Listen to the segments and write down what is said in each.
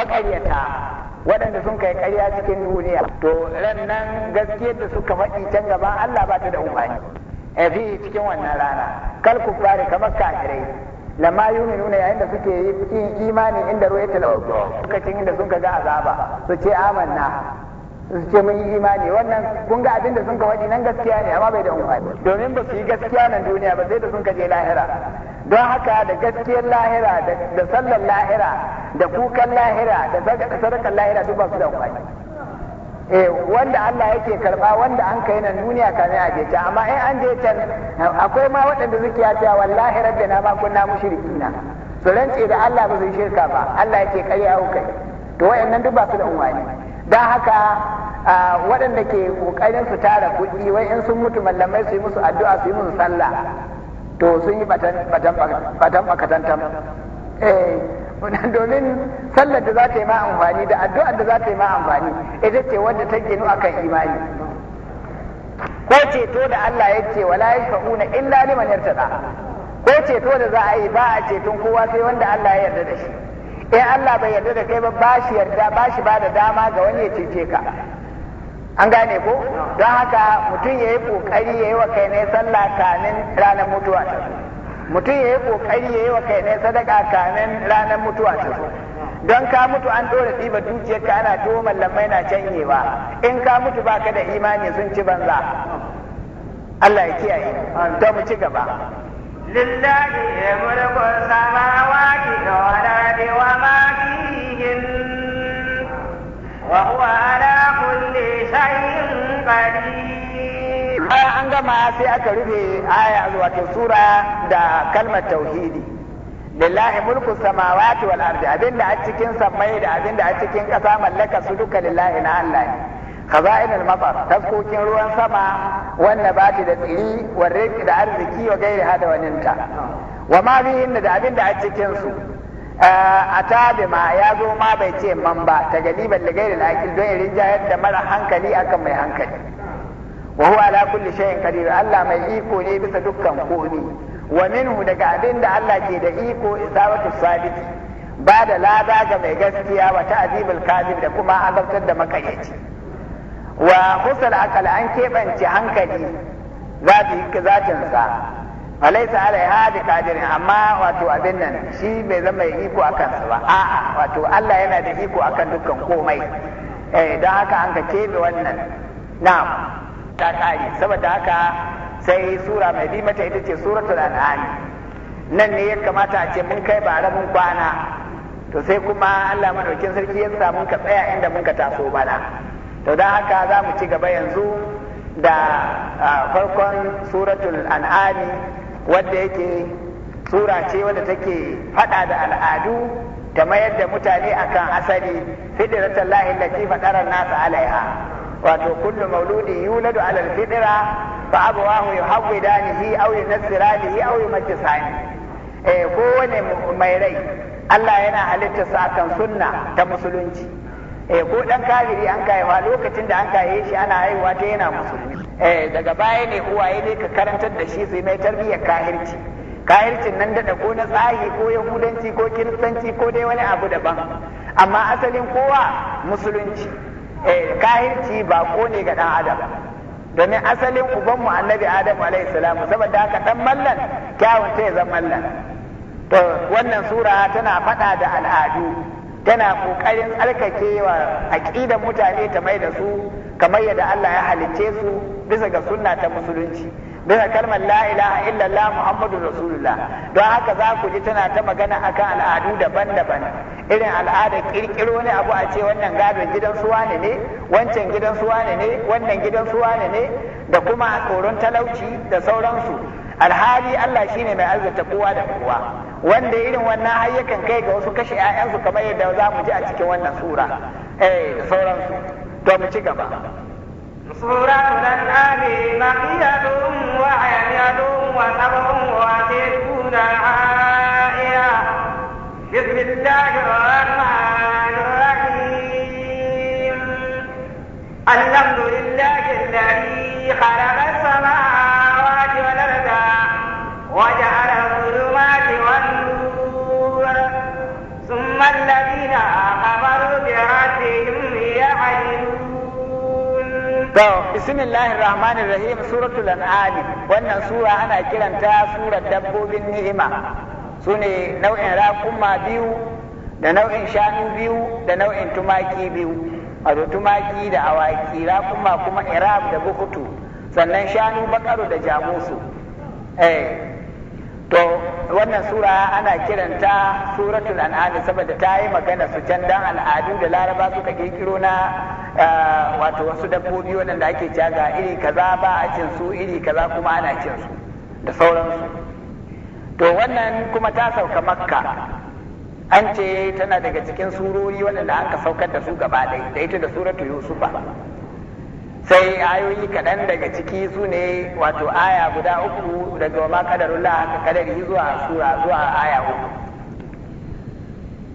maƙaryata waɗanda sun kai ƙarya cikin duniya to nan gaskiyar da suka faɗi can gaba Allah ba ta da umarni a eh, fi cikin wannan rana kal kuffari kamar kafirai lamma nuna yayin da suke yi imani inda ruwa ta lokacin inda sun ga azaba su ce amanna su ce mun yi imani wannan kun ga abin da sun ka faɗi nan gaskiya ne amma bai da umarni domin ba su yi gaskiya nan duniya ba sai da sun ka je lahira don haka da gaskiyar lahira da sallar lahira da kukan lahira da sadakar lahira duk ba su da eh wanda Allah yake karba wanda an kai nan duniya ka a je can amma in an je can akwai ma waɗanda suke ya cewa wallahi na ba kunna mushrikina su rantse da Allah ba zai shirka ba Allah yake karya kai to wayannan duk ba su da umwani dan haka waɗanda ke ƙoƙarin su tara kuɗi wai in sun mutu mallamai su yi musu addu'a su yi musu sallah to sun yi batan makatantan eh domin sallar da za ta yi ma amfani da addu'ar da za ta yi ma amfani ita ce wadda ta ginu akan imani ko ceto da Allah ya ce wala na illa liman yartada ko ceto da za a yi ba a ceton kowa sai wanda Allah ya yarda da shi in Allah bai yarda da kai ba ba shi yarda ba shi ba da dama ga wani ya cece ka an gane ko don haka mutum ya yi ƙoƙari ya yi wa kai ne sallah kanin ranar mutuwa ta mutum ya yi ƙoƙari ya yi wa kai ne sadaka kanin ranar mutuwa ta don ka mutu an ɗora ɗiba dukiyar ka ana tuwo mallamai na canyewa in ka mutu baka da imani sun ci banza Allah ya kiyaye to mu ci gaba Lillahi wa ardi wa ma fihin wa huwa ala شيء an gama sai aka rufe aya wato sura da kalmar tauhidi lillahi mulku samawati wal ardi abinda a cikin samai da abinda a cikin kasa mallaka su duka lillahi na Allah ne khaza'in al matar taskokin ruwan sama wanda bati da tsiri wa da arziki wa gairi hada waninta wa ma bihin da abinda a cikin su Eh, a ta ya zo ma bai ce man ba ta galiban da gairin akil don irin jayar da mara hankali akan mai hankali wa huwa ala kulli shay'in qadir Allah mai iko ne bisa dukkan komi wa minhu daga abin da Allah ke da iko isabatu sabiti ba da lada ga mai gaskiya wa ta'dibul kadhib da kuma azabtar da makayyaci wa husal aqal an kebance hankali zati sa alaisa alaiha bi kadirin amma wato abin nan shi bai zama mai iko akan sa ba a'a wato Allah yana da iko akan dukkan komai eh don haka an ka kebe wannan na'am ta kare saboda haka sai sura mai bi mata ita ce suratul an'am nan ne ya kamata a ce mun kai ba rabin kwana to sai kuma Allah madaukin sarki ya sa mun ka tsaya inda mun ka taso bana to don haka za mu ci gaba yanzu da ah, farkon suratul an'ami wadda yake sura ce wadda take faɗa da al'adu ta mayar da mutane akan asali fidratan lahi lati fadaran nasa alaiha wato kullu mauludi yuladu alal fidra fa abawahu yuhawwidanihi aw yunsiralihi aw yumajjisani eh kowane mai rai Allah yana halitta sa akan sunna ta musulunci eh ko dan kafiri an kai lokacin da an kai shi ana haihuwa ta yana musulmi Eh, daga baya ne uwaye ne ka karantar da shi zai mai tarbiyyar kahirci kahircin nan da ko na tsahi ko yahudanci ko kiristanci ko dai wani abu daban amma asalin kowa musulunci eh, kahirci ba ko ne ga dan adam domin asalin ubanmu annabi adam alaihi salamu saboda haka dan mallan kyawun ta ya zama mallan to wannan sura tana faɗa da al'adu tana ƙoƙarin tsarkake wa aƙidan mutane ta mai da su kamar yadda Allah ya halicce su bisa ga sunna ta musulunci bisa kalmar la ilaha illallah Muhammadu rasulullah don haka za ku ji tana ta magana akan al'adu daban-daban irin al'ada kirkiro ne abu a ce wannan gadon gidan suwa ne ne wancan gidan suwa ne ne wannan gidan suwa ne ne da kuma tsoron talauci da sauransu alhali Allah shi ne mai arzuta kowa da kowa wanda irin wannan har yakan kai ga wasu kashe 'ya'yansu kamar yadda za mu ji a cikin wannan sura eh da sauransu to mu ci gaba سورة الأنعام بقية وعالية وسبع وستون عائية بسم الله الرحمن الرحيم الحمد لله الذي خلق السماوات والأرض وجعل الظلمات والنور ثم الذين كفروا بربهم يعدلون To, bismillahir rahmanir rahim suratul wannan sura ana kiranta surar dabbobin ni'ima su ne nau'in raƙuma biyu da nau'in shanu biyu da nau'in tumaki biyu wato tumaki da awaki raƙuma kuma irab da bukutu sannan shanu bakaru da jamusu eh to wannan sura ana kiranta suratul an'am saboda ta yi magana su can dan al'adun da laraba suka kirkiro na eh, wato wasu dabbobi waɗanda ake caga iri kaza ba a cin su iri kaza kuma ana cin su da sauransu to wannan kuma ta sauka makka an ce tana daga cikin surori waɗanda an ka saukar da su gaba ɗaya da ita da suratu yusufa sai ayoyi kaɗan daga ciki su ne wato aya guda uku daga ma kadarullah haka kadari zuwa sura zuwa aya uku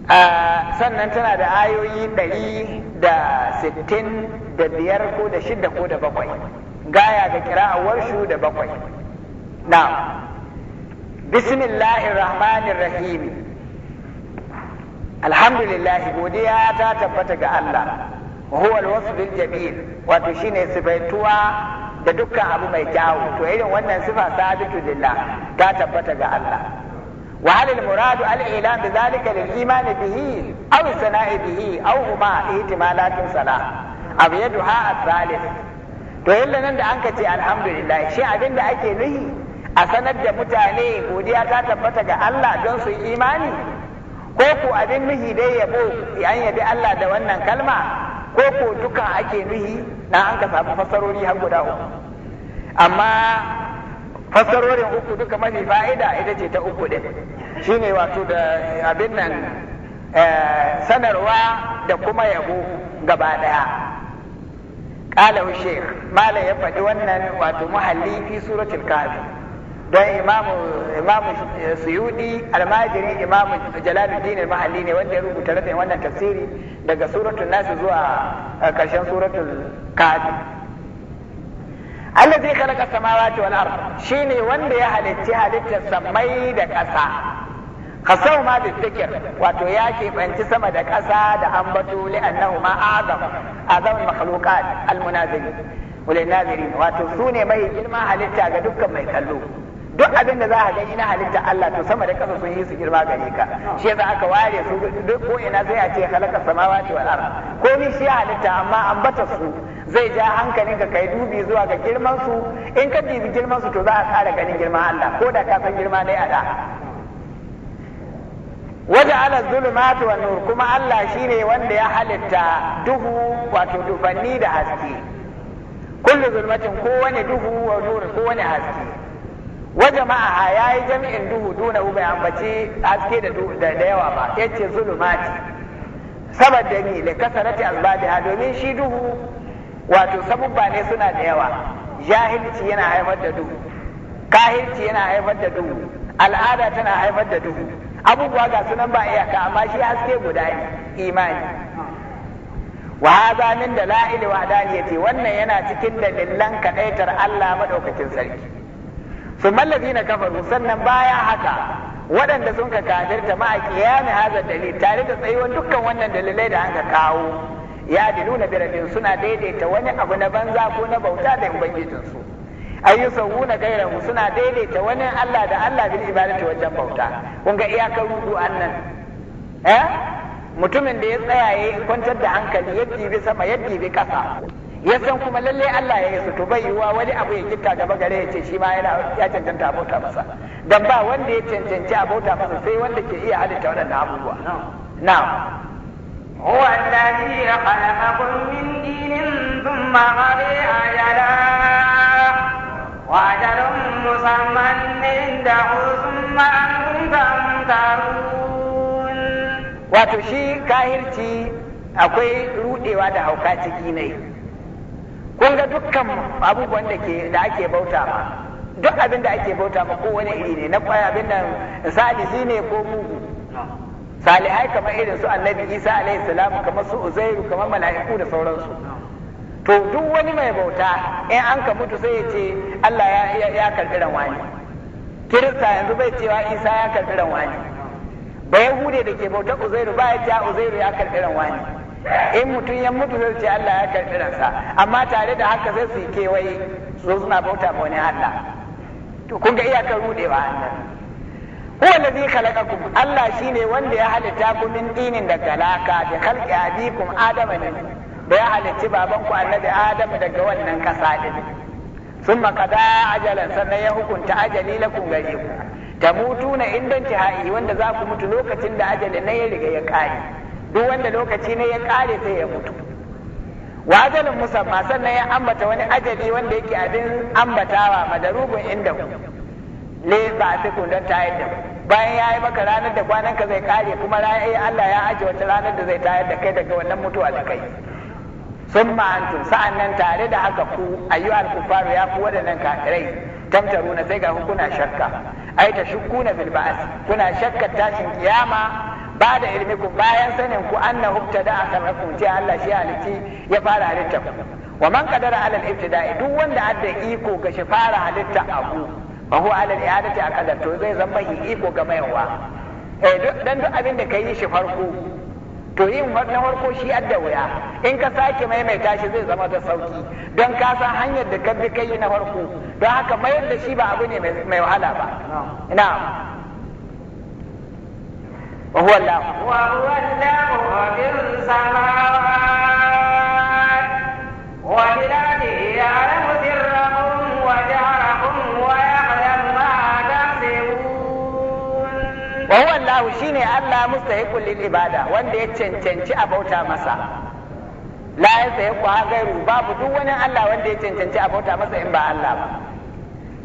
ah, sannan tana da ayoyi ɗari da sittin da biyar ko da shida ko da bakwai gaya ga kira'awar shu da bakwai na bismillahir alhamdulillahi alhamdulillah godiya ta tabbata ga Allah wa wasu bin wasful jamil wato shine sifatuwa da dukkan abu mai kyawu to irin wannan sifa sabitu lillah ta tabbata ga Allah wa hal al-muradu al-ilam bi zalika lil iman bihi aw sana'i bihi aw huma ihtimalatin salah abu yaduha al-thalith to yalla nan da anka ce alhamdulillah shi abinda ake nuhi a sanar da mutane godiya ta tabbata ga Allah don su yi imani ko ku abin nuhi dai yabo an yabi Allah da wannan kalma ko ko duka ake nuhi na an ka samu fassarori har guda uku amma fassarorin uku duka mafi fa'ida ita ce ta uku din shine wato da abin nan eh, sanarwa da kuma yabo gaba daya qala shaykh mala ya faɗi wannan wato muhalli fi suratul kafi don imamu imamu suyudi almajiri imamu jalaluddin al-mahalli ne wanda ya rubuta rabin wannan tafsiri daga suratul nas zuwa eh, karshen suratul kafi Allah zai khalaqa samawati wal ard shine wanda ya halicci halittar samai da ƙasa kasau ma da zikir wato ya keɓanci sama da ƙasa da ambatu li annahu ma azam azam makhluqat al munazili wal nazirin wato sune mai girma halitta ga dukkan mai kallo duk abin da za a gani na halitta Allah to sama da ƙasa sun yi su girma gare ka shi yasa aka ware su duk ko ina sai a ce halaka samawati wal ard ko ni shi halitta amma ambata su zai ja hankalin ka kai dubi zuwa ga girman su in ka dubi girman su to za a kara ganin girman Allah ko da ka san girma dai a da ala zulumatu wan nur kuma Allah shine wanda ya halitta duhu wato dufanni da haske kullu zulmatin kowane duhu wa nur kowane haske wa jama'a ya yi jami'in duhu duna bai ambaci haske da yawa ba yace zulumati saboda ni le kasarati azbabiha domin shi duhu wato sabubba ne suna da yawa jahilci yana haifar da duhu Kahilci yana haifar da duhu al'ada tana haifar da duhu abubuwa ga sunan ba iyaka amma shi haske guda imani wa haza min dalail wa ce wannan yana cikin dalilan kadaitar Allah madaukakin sarki Su ثم الذين كفروا sannan baya haka. waɗanda sun ka kafirta ke a kiyami haza dalil tare da tsayuwar dukkan wannan dalilai da an ka kawo ya diluna birabin suna daidaita wani abu na banza ko na bauta da ubangijinsu ayyusawuna gairahu suna daidaita wani Allah da Allah bil ibadati wajen bauta kun ga iyakar rudu an nan? Eh? mutumin da ya tsaya ya kwantar da hankali ya jibi sama ya jibi kasa ya san kuma lalle Allah ya yi to bai wa wani abu ya gitta gaba gare ya ce shi ma yana ya cancanta abota masa dan ba wanda ya cancanci abota masa sai wanda ke iya halitta waɗannan abubuwa na'am هو الذي خلقكم من دين ثم قضي أجلا وأجل مسمى عنده ثم أنتم تمترون وتشي كاهرتي akwai rudewa da hauka ciki ne kun ga dukkan abubuwan da ake bauta ma duk abin da ake bauta ma ko iri ne na kwaya abin da salisi ne ko mugu salihai kamar irin su annabi isa alaihi salam kamar su uzairu kamar mala'iku da sauransu to duk wani mai bauta in an ka mutu sai ya ce Allah ya ya karbi ran wani kirista yanzu bai cewa isa ya karbi ran wani ba yahude da ke bautar uzairu ba ya ce uzairu ya karbi ran wani in mutum ya mutu zai ce Allah ya karɓi ransa amma tare da haka zai su ke kewaye su suna bauta ma wani Allah to kun ga iyakar rudewa Allah huwa allazi khalaqakum Allah shine wanda ya halitta ku min dinin da galaka da khalqi abikum adama ne da ya halitta babanku annabi adam daga wannan kasa din thumma qada ajalan sannan ya hukunta ajali lakum gare ku tamutuna inda tihai wanda za ku mutu lokacin da ajali na ya riga ya kare duk wanda lokaci ne ya kare sai ya mutu wa ajalin musamman sannan ya ambata wani ajali wanda yake abin ambatawa madarubun inda ku le ba a tukun don tayar da bayan ya yi maka ranar da kwanan ka zai kare kuma ranar eh, Allah ya aje wata ranar da zai tayar da kai daga wannan mutuwa da kai sun ma'antu sa'an nan tare da haka ku ayyu al-kufaru ya fi waɗannan kakirai. tamtaruna sai ga kuna shakka ai ta shukkuna kuna shakkar tashin kiyama ba da ilmi ku bayan sanin ku da aka akharakum ce Allah shi halitti ya fara halitta wa man kadara ala duk wanda adda iko ga shi fara halitta abu fa huwa ala al a aqdar to zai zama iko ga mayuwa. eh duk dan duk abin da kai shi farko to yin na farko shi adda wuya in ka sake maimaita shi zai zama da sauki don ka san hanyar da ka bi kai na farko don haka mayar da shi ba abu ne mai wahala ba na'am وهو الله وهو الله في السماوات وبلاده يعلم سرهم وجهرهم ويعلم ما تكسبون وهو الله شيني الله مستحق للعبادة وان دي تشنتنتي أبوتا مسا لا يستحق غيره باب دون الله وان دي تشنتنتي أبوتا مسا إن با الله ba.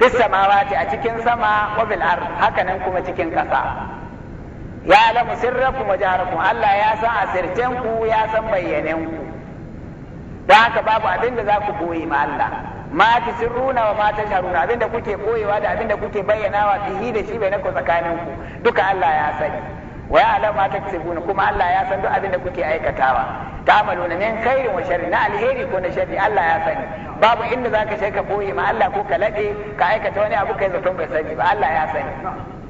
Fis samawati a cikin sama wa bil ard hakanan kuma cikin ƙasa. ya alamu sirrakum wa jaharakum Allah ya san asirten ku ya san bayyanen ku da haka babu abin da za ku koyi ma Allah ma ta sirruna wa ma ta abin da kuke koyewa da abin da kuke bayyanawa fihi da shi bai nako tsakanin ku duka Allah ya sani wa ya alamu ma taksibuna kuma Allah ya san duk abin da kuke aikatawa ta'maluna min khairin wa sharri na alheri ko na sharri Allah ya sani babu inda zaka sai ka koyi ma Allah ko ka lade ka aikata wani abu kai zaton bai sani ba Allah ya sani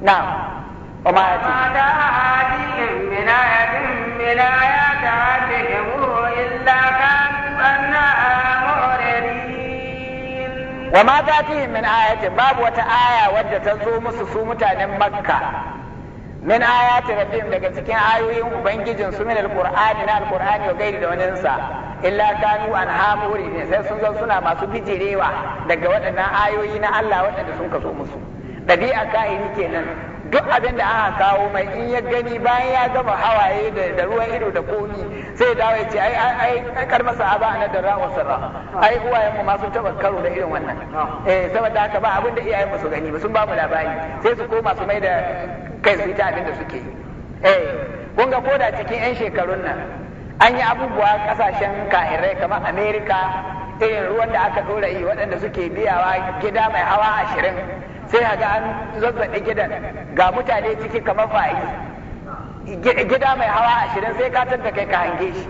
na'am wa تأتيهم من ta من آيات ربهم إلا كانوا عنها ta وما تأتيهم من آية باب min ayati rabbihim daga cikin ayoyin ubangijin su min alqur'ani na alqur'ani ya gairi da sa, illa kanu an hamuri ne sai sun zan suna masu bijirewa daga waɗannan ayoyi na Allah waɗanda sun kaso musu dabi'a ka'ini kenan duk abin da aka kawo mai in ya gani bayan ya gama hawaye da ruwan ido da komi sai dawo ya ce ai ai kar masa aba na da wasu sarra ai uwayen mu ma sun taba karo da irin wannan eh saboda haka ba abin da iyayen mu su gani ba sun ba mu labari sai su koma su mai da kai su ta abin da suke eh kun ga koda cikin yan shekarun nan an yi abubuwa kasashen kahirai kamar Amerika irin ruwan da aka dora yi waɗanda suke biyawa gida mai hawa ashirin sai a ga an zazzaɓe gidan ga mutane ciki kamar fa'i gida mai hawa ashirin sai ka tanta kai ka hange shi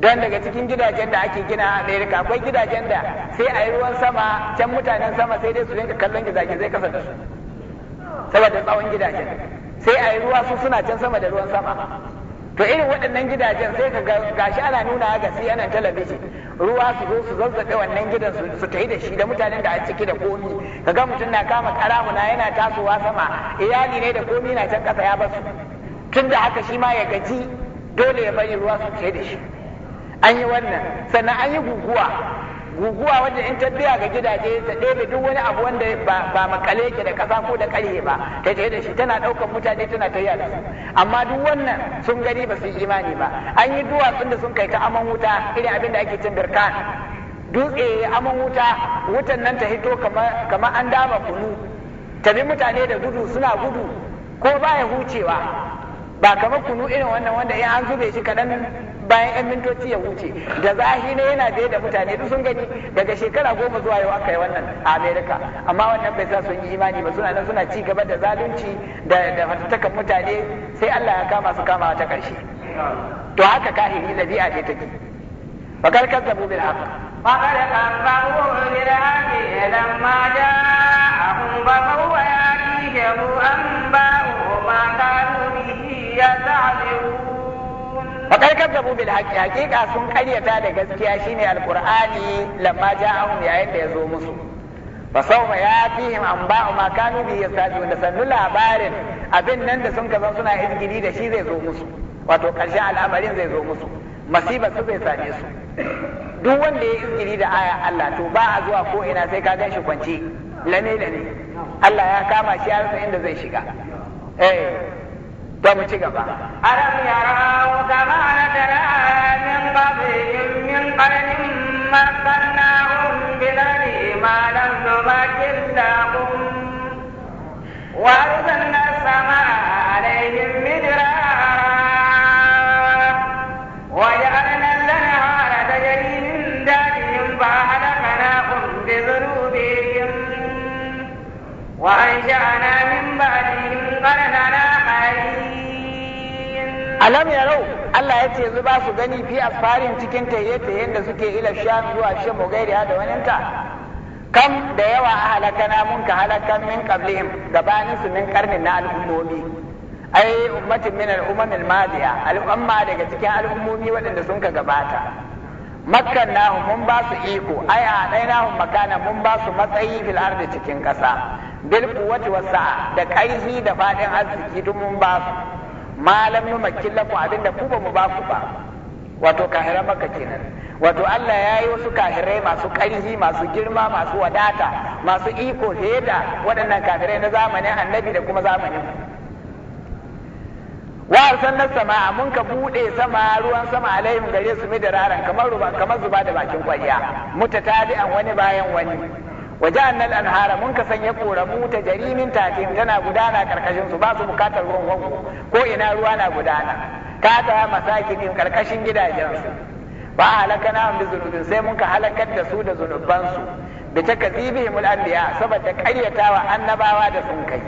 don daga cikin gidajen da ake gina a amerika akwai gidajen da sai a yi ruwan sama can mutanen sama sai dai su rinka kallon gizagizai kasa da su saboda tsawon gidajen sai a yi ruwa su suna can sama da ruwan sama to irin waɗannan gidajen sai ka gashi ana nuna ga CNN talabijin ruwa su zo su zazzaɓe wannan gidan su ta yi da shi da mutanen da a ciki da komi ka ga mutum na kama karamuna yana tasowa sama iyali ne da komi na can ƙasa ya basu tun da haka shi ma ya gaji dole ya bari ruwa su ta da shi an yi wannan sannan an yi guguwa guguwa wanda in ta biya ga gidaje ta ɗebe duk wani abu wanda ba makale ke da kasa ko da ƙarye ba ta da shi tana ɗaukar mutane tana ta da su amma duk wannan sun gani ba su yi imani ba an yi duwatsun da sun kai ta aman wuta irin abin da ake cin birka dutse aman wuta wutan nan ta hito kamar an dama kunu tabi mutane da gudu suna gudu ko baya hucewa ba kamar kunu irin wannan wanda in an zube shi kaɗan bayan 'yan mintoci ya wuce da zahi ne yana biye da mutane duk sun gani daga shekara goma zuwa yau aka yi wannan a amerika amma wannan bai sa sun yi imani ba suna nan suna ci gaba da zalunci da fatattakan mutane sai allah ya kama su kama ta ƙarshe to haka kahiri ɗabi'a ce take fakar kazzabu bil haqq fakar kazzabu bil haqq lamma ja'ahum ba huwa yatihim an ba ma kanu يزعلون فقد كذبوا بالحق حقيقة sun قرية da gaskiya shine alqur'ani lamma ja'ahum yayin da yazo musu fa sawma yatihim anba'u ma kanu bi da sannu labarin abin nan da sun kaza suna izgiri da shi zai zo musu wato karshen al'amarin zai zo musu masiba su zai same su duk wanda ya izgiri da aya Allah to ba a zuwa ko ina sai ka gan shi kwance lane lane Allah ya kama shi ya inda zai shiga eh to mu ci gaba alam yarau kama nadara min qablihim min qarnin makkannahum bil ardi ma wa alam rau, Allah ya ce yanzu ba su gani fi asfarin cikin tayyatayen da suke ila sham zuwa shamu gairi da waninta kam da yawa a halakana mun ka halakan min qablihim gabanin su min karnin na al'ummomi ai ummatin min al'umam al-madiya al'umma daga cikin al'ummomi waɗanda sun ka gabata makkan nahu mun ba su iko ai a ɗaya nahu makana mun ba su matsayi fil ardi cikin ƙasa bil quwwati was da ƙarfi da faɗin arziki duk mun ba su malam yumakkin lakum abinda ku ba mu ba ku ba wato kahira maka kenan wato Allah ya yi wasu kahirai masu ƙarfi masu girma masu wadata masu iko heda waɗannan kahirai na zamanin annabi da kuma zamanin wa arsalna samaa mun ka bude sama ruwan sama alaihim gare su midararan kamar kamar zuba da bakin kwaliya mutatabi'an wani bayan wani Waje annal anhara mun ka sanya koramu ta jarimin tatin tana gudana karkashin su ba su bukatar ruwan wango ko ina ruwa na gudana ta ta masakin karkashin gidajen su ba halaka na bi zunubin sai mun ka halakar da su da zunuban su ta kazibihim al-anbiya saboda qaryatawa annabawa da sun kai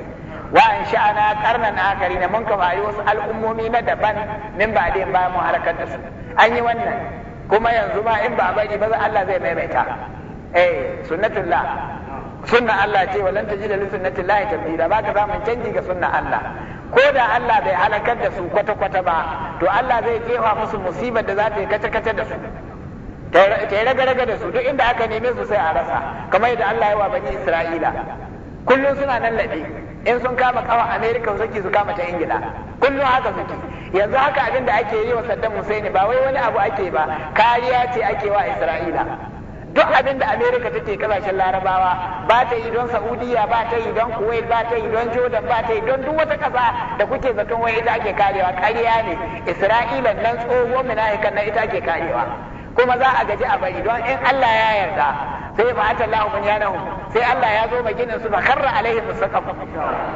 wa an sha'ana karnan akari ne mun ka bayi wasu al'ummomi na daban min ba dai ba mu halakar da su an yi wannan kuma yanzu ma in ba bari ba Allah zai maimaita eh sunnatullah sunna Allah ce walan tajida li sunnatillahi tabdila ba ka zamu canji ga sunna Allah ko da Allah bai halakar da su kwata kwata ba to Allah zai kewa musu musibar da za ta kace kace da su ta yi raga raga da su duk inda aka neme su sai a rasa kamar yadda Allah ya wa bani Isra'ila kullum suna nan laɗe in sun kama kawa Amerika suke su kama ta Ingila kullum haka suke yanzu haka abin da ake yi wa Saddam Hussein ba wai wani abu ake ba kariya ce ake wa Isra'ila duk abin da america take kasashen larabawa ba ta yi don saudiya ba ta yi don kuwait ba ta yi don jordan ba ta yi don duk wata kasa da kuke zaton wai ita ake karewa Kariya ne isra'ila nan tsohuwar munafikan nan ita ake karewa kuma za a gaji a bari don in allah ya yarda sai ba ta lahu bunyanahum sai allah ya zo ma ginin su ba karra alaihim musaqaf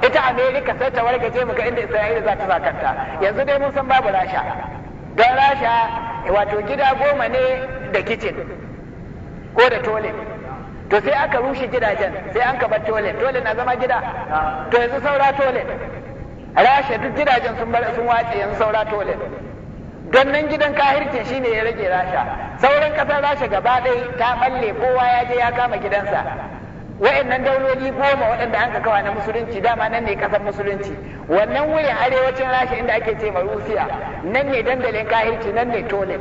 ita america sai ta wargaje mu ga inda isra'ila za ta zakanta yanzu dai mun san babu rasha don rasha wato gida goma ne da kicin ko da tole to sai aka rushe gidajen sai an ka bar tole tole na zama gida to yanzu saura tole rasha duk gidajen sun bar sun wace yanzu saura tole don nan gidan kahircin shine ya rage rasha sauran kasar rasha gaba ɗaya ta balle kowa ya je ya kama gidansa wa'annan dauloli goma waɗanda an kawa na musulunci dama nan ne kasar musulunci wannan wurin arewacin rasha inda ake ce ma rusiya nan ne dandalin kahirci nan ne tole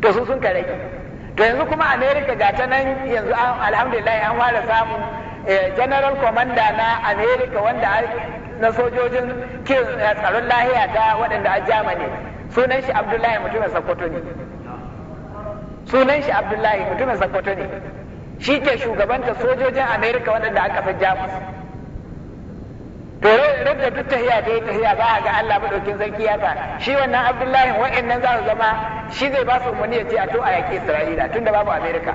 to su sun ka rage to yanzu kuma america ga ta nan yanzu alhamdulillah an fara samun eh, general commander na america wanda na sojojin ke eh, tsaron lahiya ta waɗanda a germany sunan shi abdullahi mutumin Sakkwato ne sunan shi abdullahi mutumin Sakkwato ne shi ke shugabanta sojojin america waɗanda aka fi jamus to da duk tahiya ta yi tahiya za a ga Allah madaukin sarki ya sa shi wannan Abdullahi wa'annan za su zama shi zai ba su umarni ya ce a to a yaƙi Isra'ila tunda babu Amerika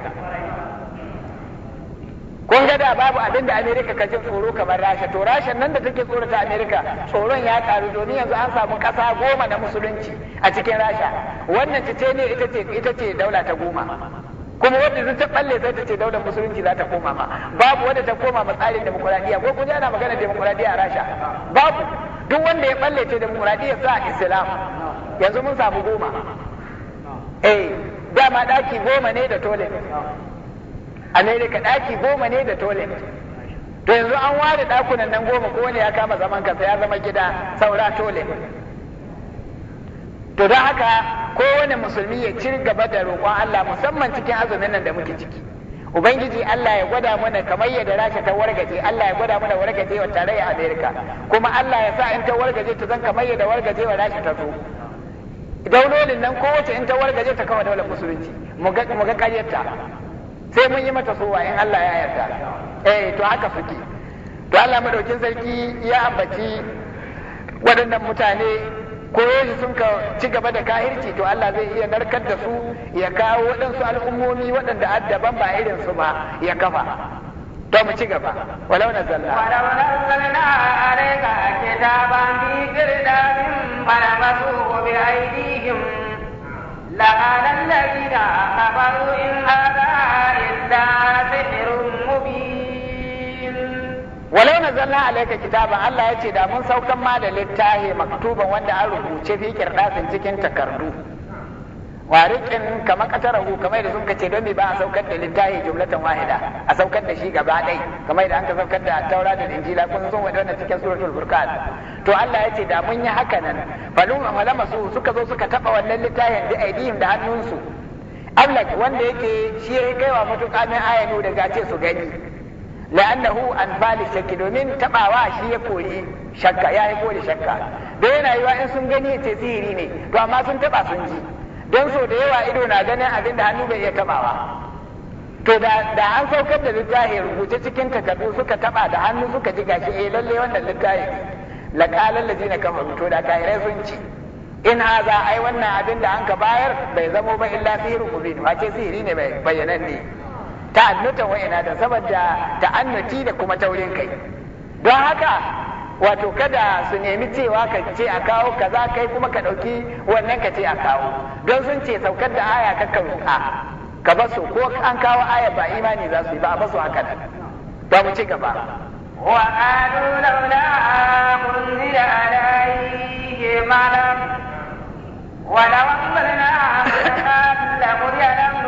kun ga da babu abin da Amerika ka jin tsoro kamar Rasha to Rasha nan da take tsorata Amerika tsoron ya karu domin yanzu an samu kasa goma na musulunci a cikin Rasha wannan ce ne ita ce daula ta goma kuma wanda sun ta balle sai ta ce daular musulunci za ta koma ma babu wanda ta koma ma tsarin demokuraɗiyya ko kun yana magana demokuraɗiyya a rasha babu duk wanda ya balle ce demokuraɗiyya a islam yanzu mun samu goma eh dama ɗaki goma ne da toilet amerika ɗaki goma ne da toilet to yanzu an ware ɗakunan nan goma ko wani ya kama zaman kansa ya zama gida saura toilet to don haka kowane musulmi ya ci gaba da roƙon Allah musamman cikin azumin nan da muke ciki ubangiji Allah ya gwada mana kamar yadda rasha ta wargaje Allah ya gwada mana wargaje wa tarayya Amerika kuma Allah ya sa in ta wargaje ta zan kamar yadda wargaje wa rasha ta zo daulolin nan kowace in ta wargaje ta kawo daular musulunci mu ga ƙaryarta sai mun yi mata sowa in Allah ya yarda eh to haka suke to Allah madaukin sarki ya ambaci waɗannan mutane ko yanzu sun ka ci gaba da kahirci to Allah zai iya narkar da su ya kawo waɗansu al'ummomi waɗanda addaban ba irin su ba ya kafa to mu ci gaba walau nazalna walau nazalna alayka kitaban bi kirdabin falamasuhu bi aydihim لقال الذين kafaru إن هذا إلا سحر مبين walau nazalna alayka kitaba Allah ya ce da mun saukan ma da littahi maktuban wanda an rubuce fi kirdasin cikin takardu warikin kama katarahu kamar da sun kace don me ba a saukar da littahi jumlatan wahida a saukar da shi gaba dai kamar da an ka saukar da taura da injila kun sun wada wannan cikin suratul furqan to Allah ya ce da mun yi haka nan falun amalama su suka zo suka taba wannan littafin da aidihim da hannunsu Allah wanda yake shi ya kaiwa matuƙa min ayanu daga ce su gani la'annahu an bali shakki domin tabawa shi ya kori shakka ya yi kori shakka don yana in sun gani ce sihiri ne to amma sun taba sun ji don so da yawa ido na ganin abin da hannu bai iya tabawa to da da an saukar da littafi rubuce cikin takardu suka taba da hannu suka ji gashi eh lalle wannan littafi la qalal ladina kafaru to da kairai sun ci in haza ai wannan abin da an ka bayar bai zamo ba illa sihiru mubin wace sihiri ne ne. ta'annutan wa da saboda ta'annuti da kuma taurin kai don haka wato kada su nemi cewa ka ce a kawo kaza kai kuma ka ɗauki wannan ka ce a kawo don sun ce saukar da aya ka ka roƙa ka basu ko an kawo aya ba imani za su yi ba a basu haka da, ba mu ci gaba وقالوا لولا أنزل عليه ملك ولو أنزلنا على لقضي الأمر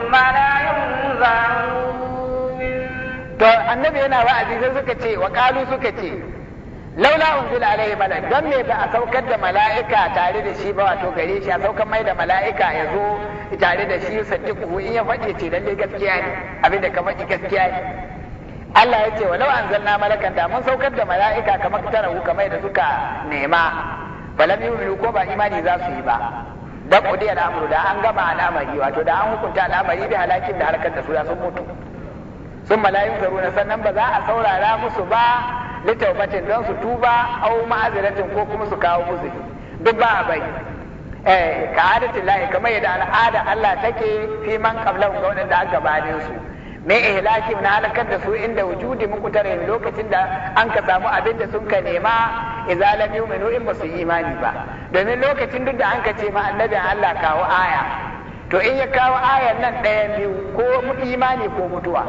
ثم لا يؤمن to annabi yana wa'azi sai suka ce wa kalu suka ce laula unzila alaihi malak dan me ba a saukar da mala'ika tare da shi ba wato gare shi a saukar mai da mala'ika ya zo tare da shi sadiku in ya faɗi ce lalle gaskiya ne abinda ka faɗi gaskiya ne Allah ya ce walau anzalna malakan da mun saukar da mala'ika kamar tarahu kamar da suka nema balam yu'minu ko ba imani za su yi ba da kudi al'amuru da an gama al'amari wato da an hukunta al'amari bi halakin da harkar da su sun mutu sun malayin na sannan ba za a saurara musu ba litaubatin don su tuba au ma'aziratin ko kuma su kawo musu duk ba a bai eh ka adatin lahi kamar yadda al'ada Allah take fi man qablahu ga wadanda aka gabanin su me ihlaki na halakar da su inda wujudi mukutarin lokacin da an ka samu abin da sun ka nema idza lam yu'minu in ba su imani ba domin lokacin duk da an ce ma annabin Allah kawo aya to in ya kawo ayan nan ɗaya biyu ko mu imani ko mutuwa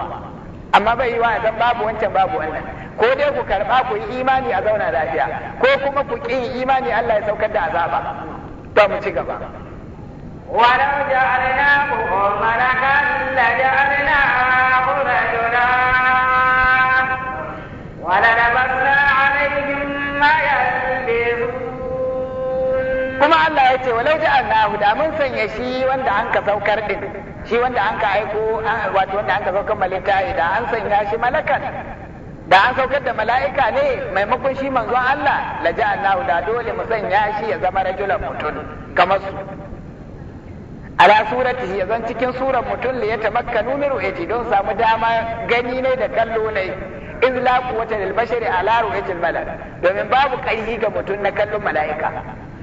amma bai yi wa zan babu wancan babu wannan ko dai ku karɓa ku yi imani a zauna lafiya ko kuma ku ƙi imani Allah ya saukar da azaba to mu ci gaba ولو جعلناه ملكا لجعلناه رجلا وللبسنا عليهم ما يلبسون kuma Allah ya ce walau na da mun sanya shi wanda an ka saukar din shi wanda an ka aiko wato wanda an ka saukar malaika idan an sanya shi malakan da an saukar da mala'ika ne maimakon shi manzo Allah la ja'alnahu da dole mu sanya shi ya zama rajulan mutun kamar su ala surati ya zan cikin suran mutum ya tamakkanu min ru'yati don samu dama gani ne da kallo ne iz la quwwata lil bashari ala ru'yatil malak domin babu ƙarfi ga mutum na kallon mala'ika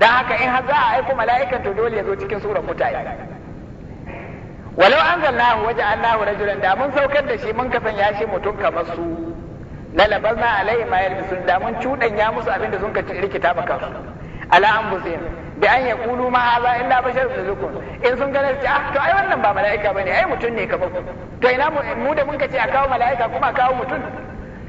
don haka in har za a aiko mala'ikan to dole ya zo cikin surar mutane walau an waja'alnahu rajulan da mun saukar da shi mun ya shi mutum kamar su Na labar na alaihi ma sun da mun ya musu abinda sun ka rikita ba kansu ala anfusihim bi an ya Kulu ma hadha illa bashar mithlukum in sun ganar ci ah to ai wannan ba mala'ika bane ai mutum ne kamar ku to ina mu da mun ka ce a kawo mala'ika kuma kawo mutum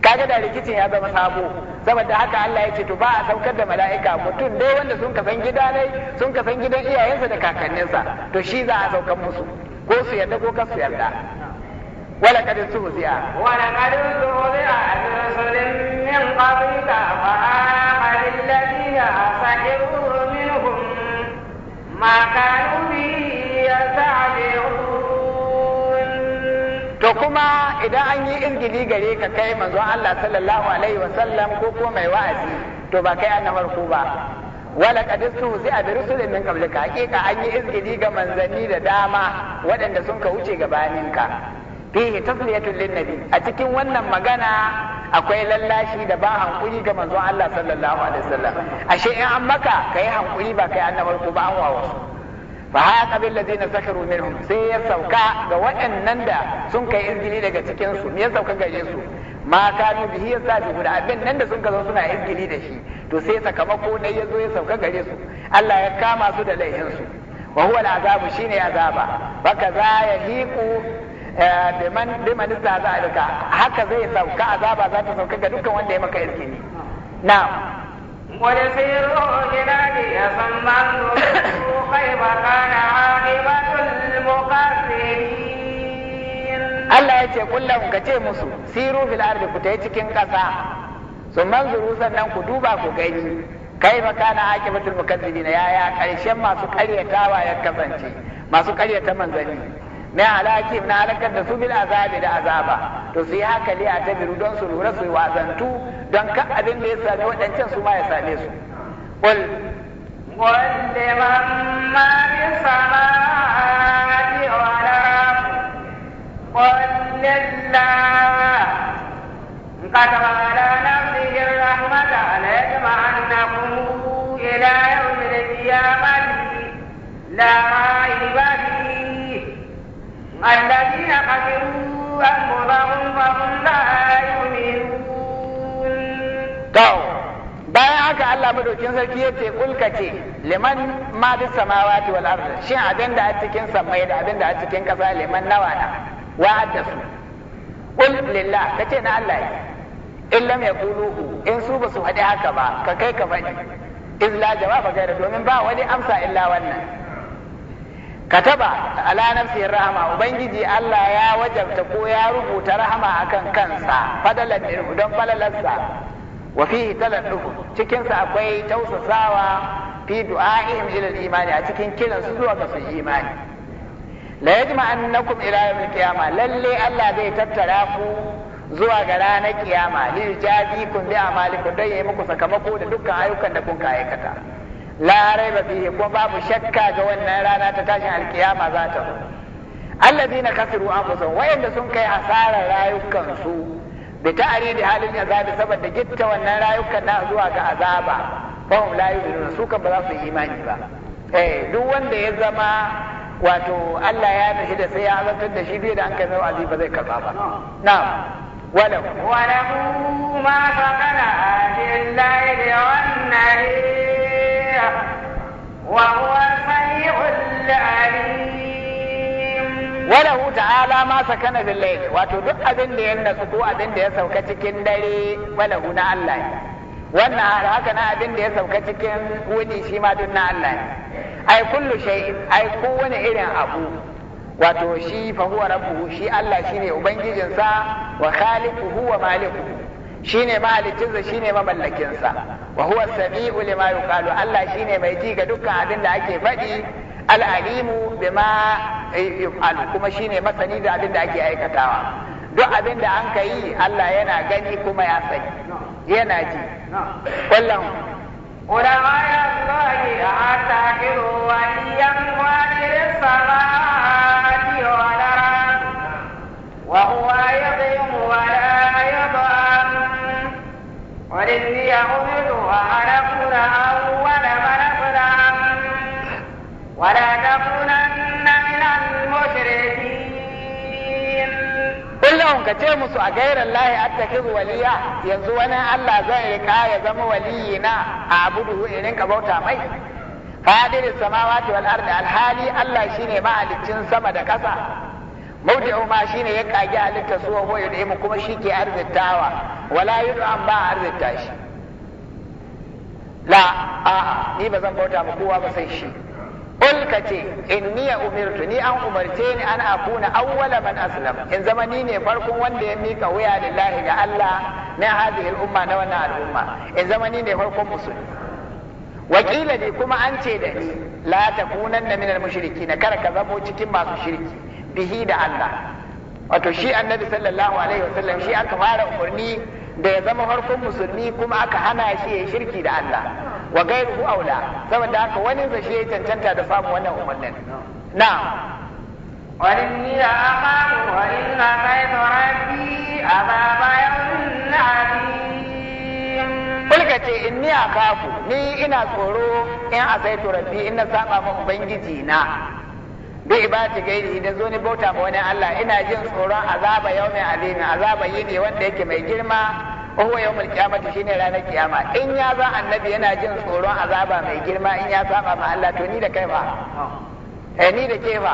kaga da rikicin ya zama sabo saboda haka Allah ya ce to ba a saukar da mala'ika mutum dai wanda sun kasan gida ne sun kasan gidan iyayensa da kakanninsa to shi za a saukar musu ko su yarda ko kasu yarda wala kadin su zi'a wala kadin su zi'a rasulin min qablika fa aqal alladhina sahiru minhum ma kanu bi yasta'jilun to kuma idan an yi irgili gare ka kai manzo Allah sallallahu alaihi wa sallam ko ko mai wa'azi to ba kai an farko ba wala zai a da rusulin kabla ka hakika an yi irgili ga manzanni da dama waɗanda sun ka wuce gabaninka fihi tasliyatun linnabi a cikin wannan magana akwai lallashi da ba hankuri ga manzon Allah sallallahu alaihi wasallam ashe in an maka kai hankuri ba kai annabar ko ba an wawa فهاق بالذين سخروا منهم sai ya sauka ga waɗannan da sun kai izgili daga cikin su ya sauka ga Yesu ma kanu bihi yasabihun abin nan da sun ka zo suna izgili da shi to sai sakamako dai ya zo ya sauka ga Yesu. Allah ya kama su da laihin su wa huwa shine azaba baka za ya liku eh, biman biman za haka zai sauka azaba za ta sauka ga dukkan wanda ya maka izgili na'am Allah ya ce ƙullan muka ce musu, si rufi la'ar ku ta'i cikin ƙasa, su man sannan ku duba ku gai. Kai makana ake mutu mu kan jini na yaya. Karshen masu karyatawa ya kasance, masu karyata ta man alaki na ragar da su bi na da azaba, to su yi hali a tabiru don su lura su yi wasantu. don ka abin da ya same waɗancan su ma ya same su qul qul liman ma fi samawati wal ardi qul lillah qad wala nafsihi rahmata la yajma'annakum ila yawmil qiyamati la raiba fihi alladhina kafaru anfusahum wa hum la yu'minun to bayan haka Allah madaukin sarki ya ce kulka ce liman ma samawa ta wal ardi shin abin da a cikin samai da abin da a cikin kasa liman nawa na wa su? qul lillah ce na Allah ya in lam yaquluhu in su ba su faɗi haka ba ka kai ka faɗi iz la jawaba gaira domin ba wani amsa illa wannan kataba ala nafsi rahama ubangiji Allah ya wajabta ko ya rubuta rahama akan kansa fadalan don falalarsa wa fihi taladdufu cikin sa akwai tausasawa fi du'a'ihim ila al a cikin kiran su zuwa ga su imani la yajma annakum ila yawm al-qiyamah lalle Allah zai tattara ku zuwa ga ranar kiyama li kun bi amalikum dai yayi muku sakamako da dukkan ayyukan da kun ka aikata la raiba fihi ko babu shakka ga wannan rana ta tashin alkiyama za ta zo alladhina a anfusahum wayanda sun kai asarar rayukansu bi da halin azabi saboda gitta wannan rayukan na zuwa ga azaba Fahim layu da yu'minun su kan ba za su yi imani ba eh duk wanda ya zama wato Allah ya nufi da sai ya azabtar da shi bai da an kai zama ba zai karba ba na'am walau walau ma faqala ajil layli wan nahir wa huwa al-sayyul alim Wala walahu ta'ala ma sakana bil layl wato duk abin da ya nasu ko abin da ya sauka cikin dare wala na Allah ne wannan har haka na abin da ya sauka cikin wuni shi ma duk na Allah ne ai kullu shay ai kowane irin abu wato shi fa huwa rabbuhu shi Allah shine ubangijinsa wa khaliquhu wa malikuhu shine sa shine mamallakinsa wa huwa sami'u lima yuqalu Allah shine mai ji ga dukkan abin da ake faɗi al'alimu bima yuf'al kuma shine masani da abin da ake aikatawa duk abin da an ka yi Allah yana gani kuma ya sani yana ji kullum ulama ya Allah da atakiru wa iyyan qadir samawati wal ard wa huwa yadhimu wa la yadham wa inni ya'budu wa ana awwala man Wana damunan nam'inar mu Kullum ka mu su a gairan lahai atta kihuwalia? Yanzu wani Allah zai riƙa ya zama na a abudu ya ka bauta mai? Hadirinsa mawa ce wal'adu alhali Allah shi ne ma'alicci sama da ƙasa. Mautaima shi ne yankaki halitta su wango da yamma kuma shi ke arzikawa. Wala yuzu an ba a arzikta shi. La a'a ni ba zan bauta ba kowa ba sai shi. Ulka ce in niya umirtu ni an umarce ni an akuna awwala man aslam in zama ni ne farkon wanda ya mika wuya lillahi ga Allah na hadhihi al'umma na wannan al'umma in zama ni ne farkon musulmi wakila kuma an ce da ni la takunanna minal na kar ka zamo cikin masu shirki bihi da Allah wato shi annabi sallallahu alaihi wasallam shi aka fara umarni da ya zama farkon musulmi kuma aka hana shi ya shirki da Allah wa gairu aula saboda haka wani ba shi ya cancanta da samun wannan umarnin na'am ولله أقام وإن Kulka ce in ni a ni ina tsoro in a sai turabi in na saba ma ubangiji na bi ibati gairi idan zo ni bauta ma wani Allah ina jin tsoron azaba yau mai azaba yi ne wanda yake mai girma huwa yawmul qiyamati shine ranar kiyama in ya za annabi yana jin tsoron azaba mai girma in ya saba ma Allah to ni da kai fa eh ni da ke ba.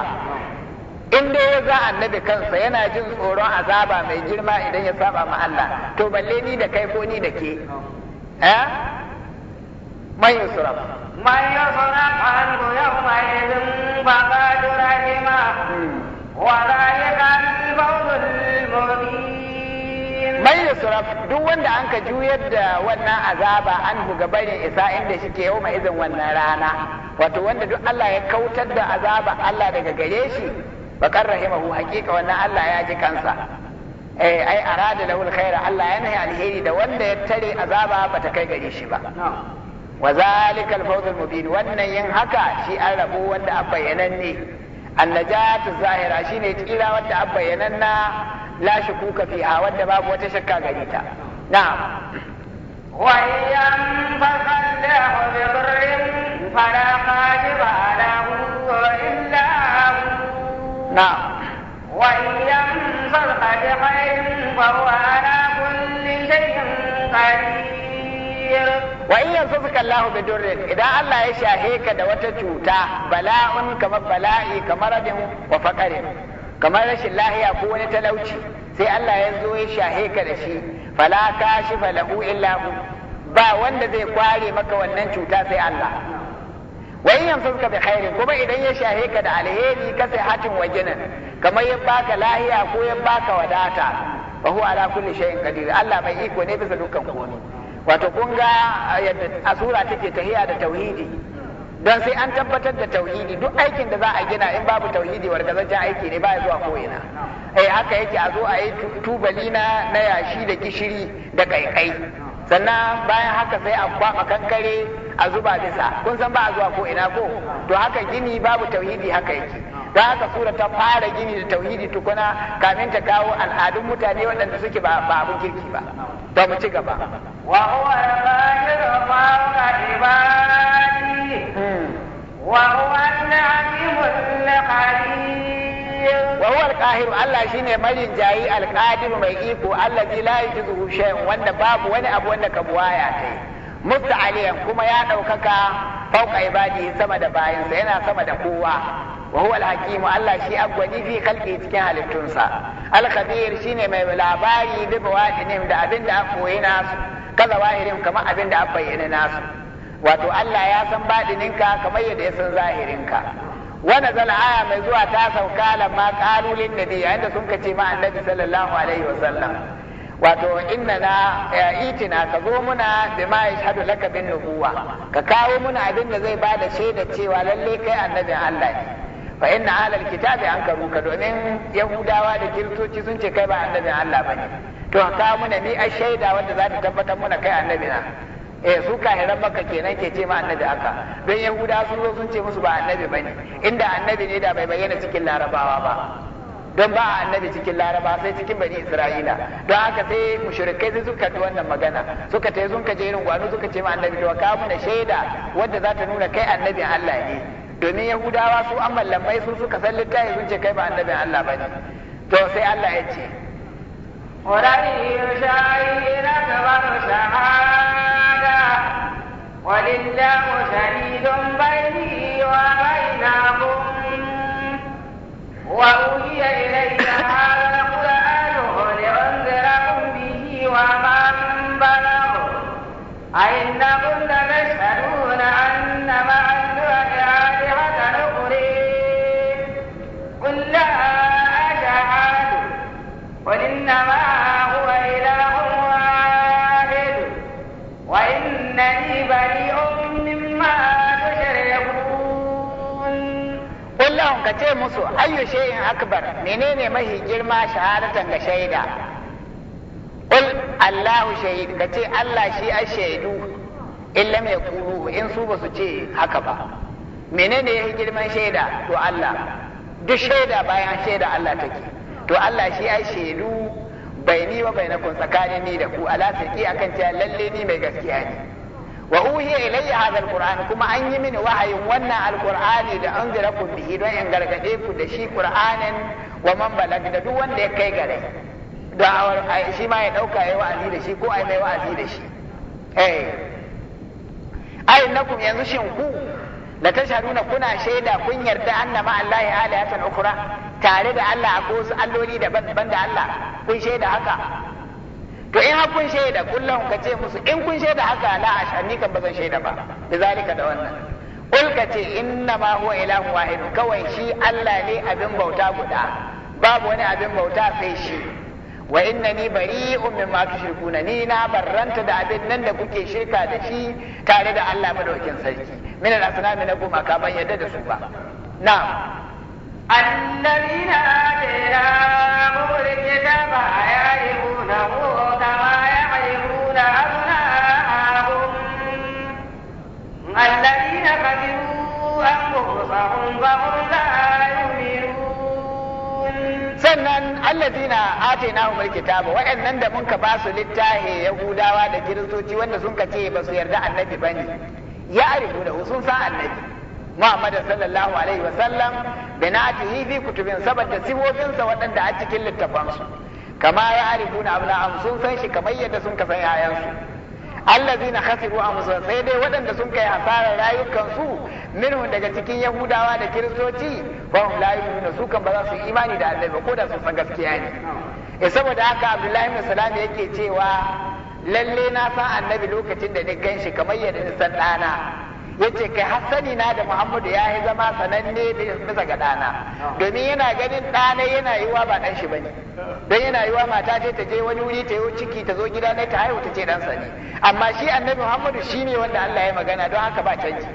in dai ya za annabi kansa yana jin tsoron azaba mai girma idan ya saba ma Allah to balle ni da kai ko ni da ke eh man yusraf man yusraf an yawma idin faqad rahima hmm. wa dhalika al-fawzul mubin mai yusraf duk wanda an ka juyar da wannan azaba an buga barin isa inda shi ke yau izin wannan rana wato wanda duk Allah ya kautar da azaba Allah daga gare shi bakar rahimahu hakika wannan Allah ya ji kansa eh, ai arada lahul khaira Allah ya nahi alheri da wanda ya tare azaba bata kai gare shi ba wa zalikal fawzul mubin wannan yin haka shi an rabu wanda a bayyananne Annaja ta zahira shine tsira wadda an bayyananna la shukuka a wadda babu wata shakka gare ta na'am wa iyyan fasallahu bi dhurrin fala qajiba lahu illa na'am wa iyyan fasallahu bi khairin wa huwa ala kulli shay'in qadir wa in yansuka Allahu bi durrin idan Allah ya shahe ka da wata cuta bala'un kamar bala'i kamar radin wa faqarin kamar rashin lahiya ko wani talauci sai Allah ya zo ya shahe ka da shi fala kashifa lahu illa hu ba wanda zai kware maka wannan cuta sai Allah wa in yansuka bi khairin kuma idan ya shahe ka da alheri ka sai hatin wajinan kamar ya baka lahiya ko ya baka wadata wa huwa ala kulli shay'in qadir Allah mai iko ne bisa dukkan komai wato kun ga yadda sura take tahiya da tauhidi don sai an tabbatar da tauhidi duk aikin da za a gina in babu tauhidi wargazaccen aiki ne ba ya zuwa ko'ina eh haka yake a zo a yi tubali na na yashi da gishiri da kaikai sannan bayan haka sai a kwaba kankare a zuba bisa kun san ba a zuwa ko ina ko to haka gini babu tauhidi haka yake da haka sura ta fara gini da tauhidi tukuna kamin ta kawo al'adun mutane waɗanda suke ba abun kirki ba to mu ci gaba وهو القادر فوق عباده وهو العليم القدير وهو القاهر الله شيني مجن جاي القادر ما يقيكو الذي لا يجزه شيء وان باب وان ابو وان كبوايا مفتعليا كما يا دوكك fauka ibadi sama da bayansa yana sama da kowa wa huwa Allah shi agwani fi kalbi cikin halittunsa al-khabir shine mai labari bi bawadinin da abin da aka koyi nasu kaza wahirin kamar abin da aka bayyana nasu wato Allah ya san badininka kamar yadda ya san zahirinka wanda zala aya mai zuwa ta sauka da qalu lin nabi inda sun kace ma annabi sallallahu alaihi wasallam wato inna na itina ka zo muna da ma ya shahadu nubuwa ka kawo muna abinda zai ba da shaida cewa lalle kai annabin Allah ne fa inna ahlal kitabi ka domin yahudawa da kiristoci sun ce kai ba annabin Allah bane to ka muna ni ai shaida wanda za ta tabbatar muna kai annabi na eh su kahiran maka kenan ke ce ma annabi aka don yahudawa sun zo sun ce musu ba annabi bane inda annabi ne da bai bayyana cikin larabawa ba don ba annabi cikin laraba sai cikin bani isra'ila don haka sai mushrikai sai suka ta wannan magana suka tayi sun ka je irin gwanu suka ce ma annabi to ka muna shaida wanda za ta nuna kai annabin Allah ne domin yahudawa su an mallamai su suka san littafi sun ce kai ba annabin Allah ba ne to sai Allah ya ce ورأي شعير أكبر شهادة ولله شهيد بيني وبينكم وأوحي إلي ce musu ayyu shay'in akbar menene mahi girma shahadatan ga shaida qul allahu shahid ka allah shi a illa in yaqulu in su basu ce haka ba menene yahi girman shaida to allah duk shaida bayan shaida allah take to allah shi a shaidu bai ni wa bai na tsakanin ni da ku ala sirki akan cewa lalle ni mai gaskiya ne wa uhi ilayya hadha alquran kuma an yi mini wahayin wannan alqurani da anzirakum bihi don in gargade ku da shi qur'anin wa man balag da duk wanda ya kai gare da shi ma ya dauka yayi wa'azi da shi ko ai mai wa'azi da shi eh ai nakum yanzu shin ku la tashhaduna kuna shaida kun yarda Allah ya allahi alihatan ukra tare da Allah a wasu alloli daban-daban da Allah kun shaida haka to in kun shaida kullum ka ce musu in kun shaida haka la ashani kan bazan shaida ba zalika da wannan kul ka ce inna ma huwa ilahu wahid kawai shi Allah ne abin bauta guda babu wani abin bauta sai shi wa innani bari'un mimma tushrikuna ni na barranta da abin nan da kuke shirka da shi tare da Allah madaukin sarki min al-asnami na gumaka ban yadda da su ba na'am الذين آتيناهم الكتاب يعرفونه أبناءهم الذين خسروا أنفسهم فهم لا يؤمنون sannan alkitaba waɗannan da ka ba su littahi yahudawa da kiristoci wanda sun ce ba su yarda annabi bane ya arifu da sun san annabi Muhammad sallallahu alaihi wasallam binatihi fi kutubin saboda sibobinsa waɗanda a cikin littafansu kama ya arifuna abna'am sun san shi kamar yadda sun san yayansu allazina khasiru amsa sai dai waɗanda sun kai hasarar rayukansu minhu daga cikin yahudawa da kiristoci ba hum la su kan ba za su yi imani da Allah ba ko da sun san gaskiya ne e saboda haka abdullahi ibn salam yake cewa lalle na san annabi lokacin da ni ganshi kamar yadda ni san ɗana ce kai hassani na da Muhammadu ya yi zama sananne da bisa ga ɗana domin yana ganin ɗana yana wa ba ɗan shi bane dan yana wa mata ce ta je wani wuri ta yi ciki ta zo gida na ta haihu ta ce ɗansa sani amma shi annabi Muhammadu shi ne wanda Allah ya magana don haka ba canji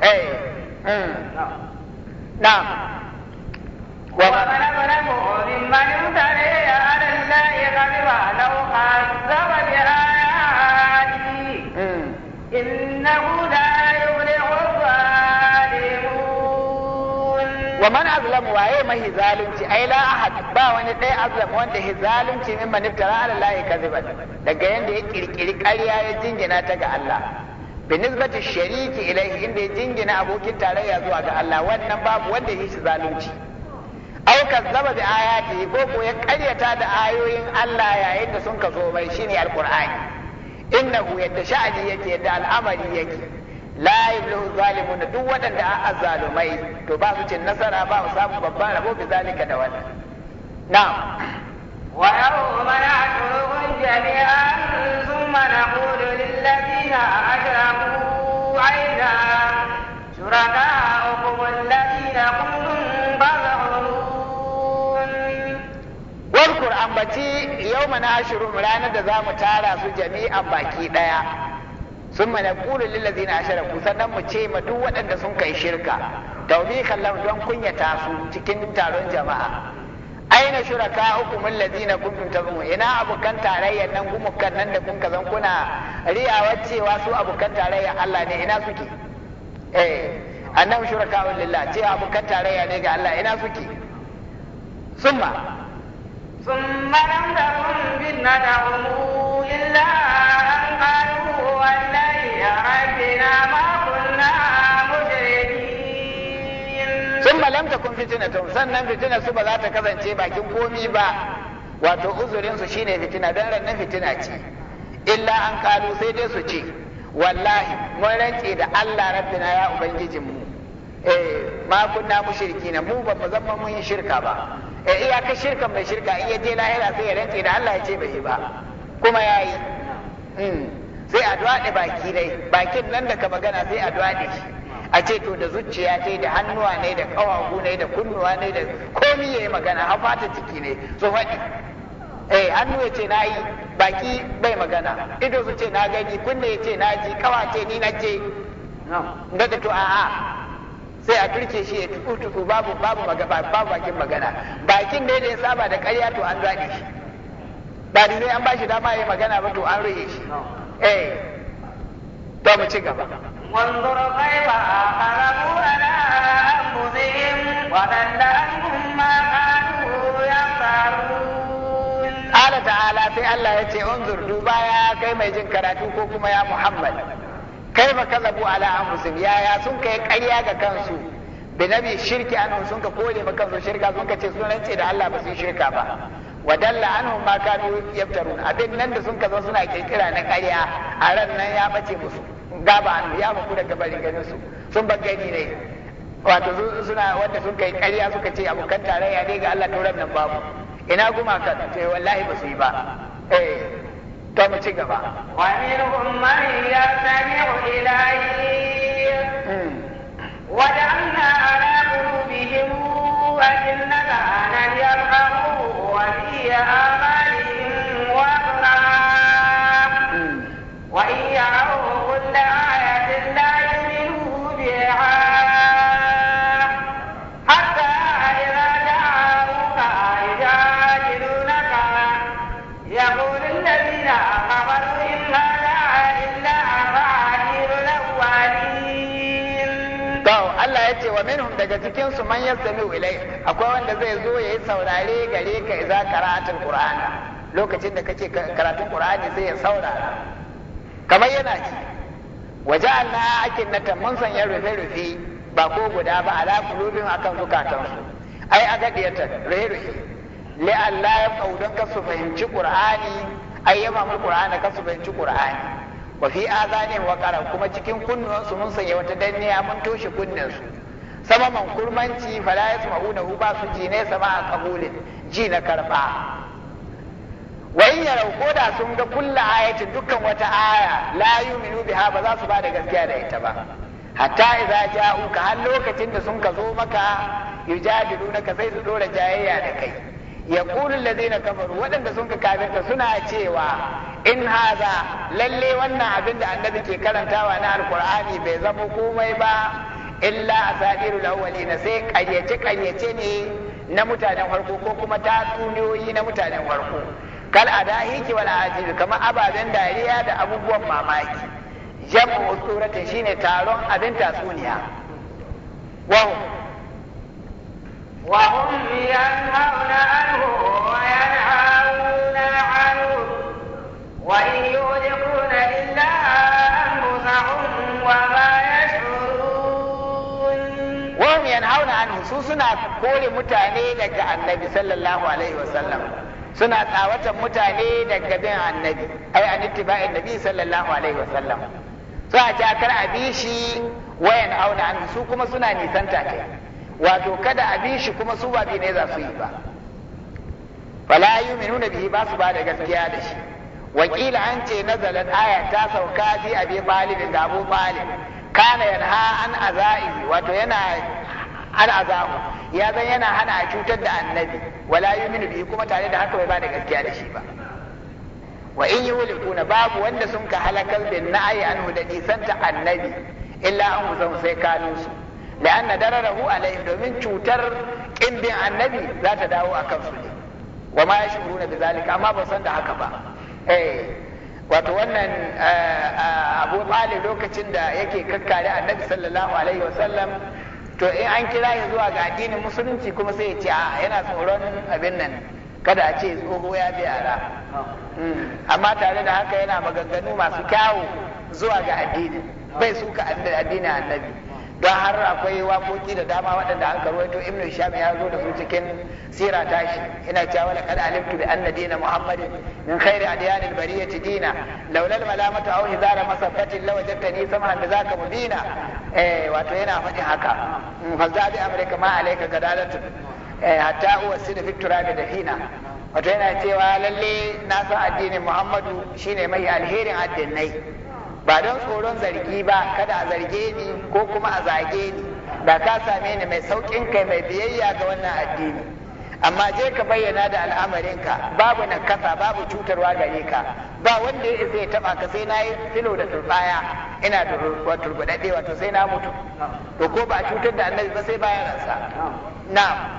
eh hmm. na'am wa ma إنه hmm. لا wa man azlamu waye mahi zalunci ai la ahad ba wani dai azlam wanda hi zalunci min man iftara ala allahi kadhiban daga yanda ya kirkiri ƙarya ya jingina ta ga Allah binisbati shariki ilaihi inda ya jingina abokin tarayya zuwa ga Allah wannan babu wanda yi shi zalunci au kazzaba bi ayati ko ko ya ƙaryata da ayoyin Allah yayin da sun kazo mai shine alqur'ani innahu yadda sha'ani yake da al'amari yake la yablu zalimuna duk waɗanda a azzalumai to ba su cin nasara ba su samu babban rabo bi zalika da wannan na'am wa yawma nahshuruhum jami'an thumma naqulu lil ladina ashraku aina shurakaukum alladina kuntum tad'un warkur ambaci yawma nahshuruhum ranar da zamu tara su jami'an baki daya sun mana ƙulun lillazi na ashiraku sannan mu ce ma duk waɗanda sun kai shirka taubikan lam don kunyata su cikin taron jama'a aina shuraka hukumin lazina kuntum tazumu ina abokan tarayyar nan gumukan nan da kun kazan kuna riyawa cewa su abokan tarayyar Allah ne ina suke eh annahu shuraka lillah ce abokan tarayya ne ga Allah ina suke summa summa lam kun bin nadahum illa an qalu wallahi sun malam ta kun sannan fitina su ba za ta kasance bakin komi ba wato uzurinsu shine fitina don ranar fitina ce illa an kalu sai dai su ce wallahi mun rance da Allah rabbina ya ubangijinmu eh ma kunna na mu ba mu zama mun yi shirka ba eh iyakar shirka mai shirka in ya je lahira sai ya rance da Allah ya ce bai ba kuma yayi yi. sai a dwaɗe baki ne bakin nan da ka magana sai a dwaɗe shi a ce to da zuciya ce da hannuwa ne da ƙawagu ne da kunnuwa ne da komi ya yi magana har fata ciki ne So faɗi eh hannu ya ce na yi baki bai magana ido su ce na gani kunne ya ce na ji kawa ce ni na ce Na da to a'a sai a turke shi ya tuku tuku babu babu babu bakin magana bakin ne da ya saba da ƙarya to an zaɗe shi ba dai an ba shi dama ya magana ba to an rage shi eh to mu ci gaba wanzur kaifa qalamu ala anfusihim wa dandahum ma kanu yaqarun Allah ta'ala sai Allah ya ce unzur duba ya kai mai jin karatu ko kuma ya Muhammad kai ba kazabu ala anfusihim yaya sun kai karya ga kansu bi nabi shirki an sun ka kore ba kansu shirka sun ka ce sun rance da Allah ba sun shirka ba wadalla dalla ma kanu yaftarun abin nan da sun zo suna kirkira na ƙarya a ran nan ya bace musu gaba an ya baku daga barin ganin su sun ban gani ne wato suna wanda sun kai ƙarya suka ce abokan tarayya ne ga Allah tauran nan babu ina kuma ka ce eh, wallahi ba su yi ba eh to mu ci gaba wa minhum man yastami'u ilayhi hmm. wa ja'alna ala qulubihim wa innaka la yarhamu آمالهم وأبناء وإن يروا كل آية Allah ya ce wa minhum daga cikin su man yasami ilai akwai wanda zai zo ya yi saurare gare ka idza qara'atul qur'ana lokacin da kake karatun qur'ani sai ya saurara kamar yana ci waja'alna akinnata mun sanya rufe rufe ba ko guda ba ala kulubin akan su. ai agadiyata rufe rufe la'alla ya kaudan ka su fahimci qur'ani ai yamma qur'ana ka su fahimci qur'ani wafi fi azanin waqara kuma cikin kunnuwansu mun sanya wata danniya mun toshe Sama sababan kurmanci fala hu ba su ji ne sama a kabulin ji na karba wayin ya rauko da sun ga kulla ayati dukkan wata aya la yu'minu biha ba za su ba da gaskiya da ita ba hatta idza ja'uka har lokacin da sun ka zo maka naka sai su dora jayayya da kai ya kulun na kamar waɗanda sun ka kafinta suna cewa in haza lalle wannan abin da annabi ke karantawa na alkur'ani bai zama komai ba illa asatirul na sai ƙaryace karyace ne na mutanen farko ko kuma tatsuniyoyi na mutanen farko kal ki wani ajibi kamar ababen dariya da abubuwan mamaki jam'u suratin shine taron abin tatsuniya وهم ينهون عنه وينهون عنه وإن يهلكون إلا أنفسهم وما يشعرون وهم ينهون عنه su suna kore mutane daga annabi sallallahu alaihi wasallam suna tsawatan mutane daga bin annabi ai an ittiba'in nabi sallallahu alaihi wasallam sai a ce kar a bi shi wayan auna an su kuma suna nisanta kai wato kada a bi shi kuma su ba bi ne za su yi ba fala yu'minuna bihi ba su ba da gaskiya da shi wakila an ce nazalat aya ta sauka fi abi talib da abu talib kana yanha an azai wato yana an azamu ya zan yana hana a cutar da annabi wala yu'minu bihi kuma tare da haka bai ba da gaskiya da shi ba wa in yulikuna babu wanda sun ka halakar bin na'ayi anhu da isanta annabi illa an zan sai kanunsu da anna dararahu alaihi domin cutar kin annabi za ta dawo a kansu ne wa ma na bizalika amma ba san da haka ba eh, wato wannan eh, eh, Abu Talib lokacin da yake kakkare annabi sallallahu alaihi wasallam to in an kira ya zuwa ga addinin musulunci kuma sai ya ce a yana tsoron abin nan kada a ce tsoho ya bi yara hmm. amma tare da haka yana maganganu masu kyawu zuwa ga addinin bai suka addinin annabi don har akwai waƙoƙi da dama waɗanda an karwaito ibnu hisham ya zo da su cikin sira tashi ina cewa wala kad alimtu bi anna dina muhammadin min khairi adyanil bariyati dina laula al malamatu aw hizara masaffatin law jattani samhan bizaka mubina eh wato yana faɗin haka fazza mm, bi amrika ma alayka gadalatu eh hatta huwa sida fi turabi da hina wato yana cewa lalle na san addinin muhammadu shine mai alherin addinai ba don tsoron zargi ba kada a zarge ni ko kuma a zage ni da ka same ni mai sauƙin kai mai biyayya ga wannan addini amma je ka bayyana da al'amarinka babu nakasa babu cutarwa gare ka ba wanda ya isa ya taba ka sai na filo da turbaya ina da wato sai na mutu to ko ba a cutar da annabi ba sai bayan ransa Na.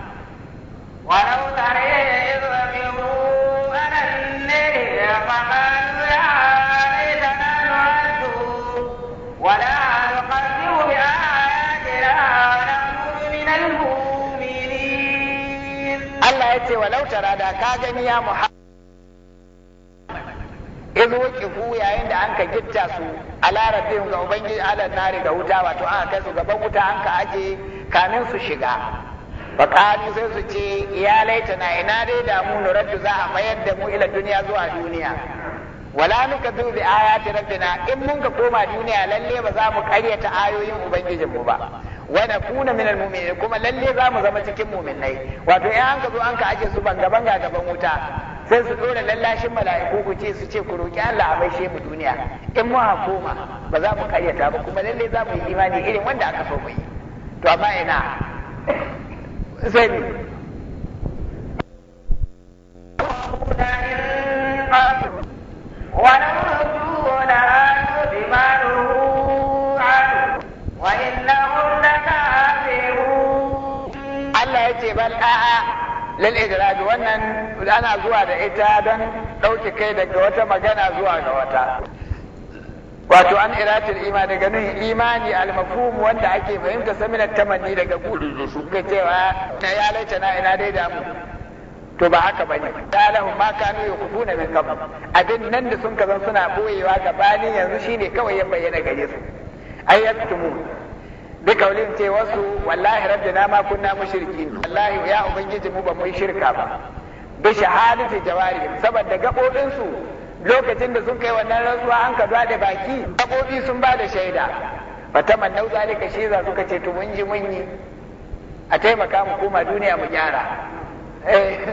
ولو ترى إذ وقفوا على النار فقالوا يا Wala alfaharin waya ya jira a dan kummin al'ummini? Allah ya ce wa lauta rada ka gani ku yayin da an ka gita su a lara fim ga babban aɗannan riga wuta, wato an kai su gaban wuta an ka ajiye kamin su shiga. Baƙatu sai su ce iyalaita na ina dai da mu nurar za a mayar da mu ila duniya zuwa duniya. wala nuka zu bi ayati rabbina in mun ka koma duniya lalle ba za mu karyata ayoyin ubangijin mu ba wa nakuna minal mu'minin kuma lalle za mu zama cikin mu'minai wato in an ka zo an ka aje su banga banga gaban wuta sai su dora lallashin mala'iku ku ce su ce ku roki Allah a maishe mu duniya in mu ha koma ba za mu karyata ba kuma lalle za mu yi imani irin wanda aka so mu yi to amma ina sai lil idraj wannan ana zuwa da ita don ɗauke kai daga wata magana zuwa ga wata wato an iratul iman daga nuhin imani al wanda ake fahimtar samina tamanni daga kuri su ga cewa ya laita ina dai mu to ba haka bane da lahum ma kanu yakufuna min qabl abin nan da sun kazan suna boyewa gabanin yanzu shine kawai ya bayyana gare su ayyatumu bikaulin ce wasu wallahi rabbi na ma kunna mushrikin wallahi ya ubangiji mu ba mu shirka ba bi shahadati jawari saboda gabobin su lokacin da sun kai wannan rantsuwa an ka da baki gabobi sun ba da shaida fataman nau zalika shi za suka ce to mun ji mun yi a taimaka mu koma duniya mu gyara eh,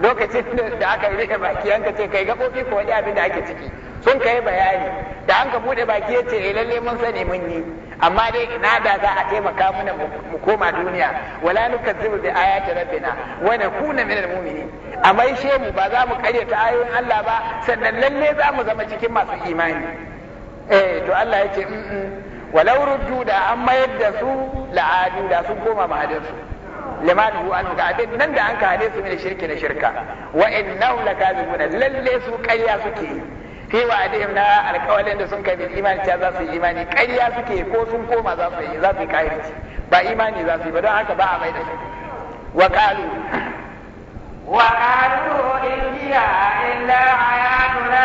lokacin da aka rufe baki an ka ce kai gabobi ko wani abin da ake ciki sun kai bayani da an ka bude baki ya ce eh lalle mun sani mun yi amma dai ina da za a taimaka mana mu koma duniya wala nukazzibu bi ayati rabbina wa nakuna minal mu'minin amma maishe mu ba za mu ta ayoyin Allah ba sannan lalle za mu zama cikin masu imani eh to Allah ya ce walau ruddu da an mayar da su la'adu da sun koma su. liman anhu ga abin nan da an ka hade su min shirki na shirka wa innahu lakazibuna lalle su ƙarya suke fi wa adihim na alƙawalin da sun kai min imani ta za su yi imani ƙarya suke ko sun koma za su yi za su yi kahirci ba imani za su yi ba don haka ba a mai da su wa qalu wa qalu in hiya illa hayatuna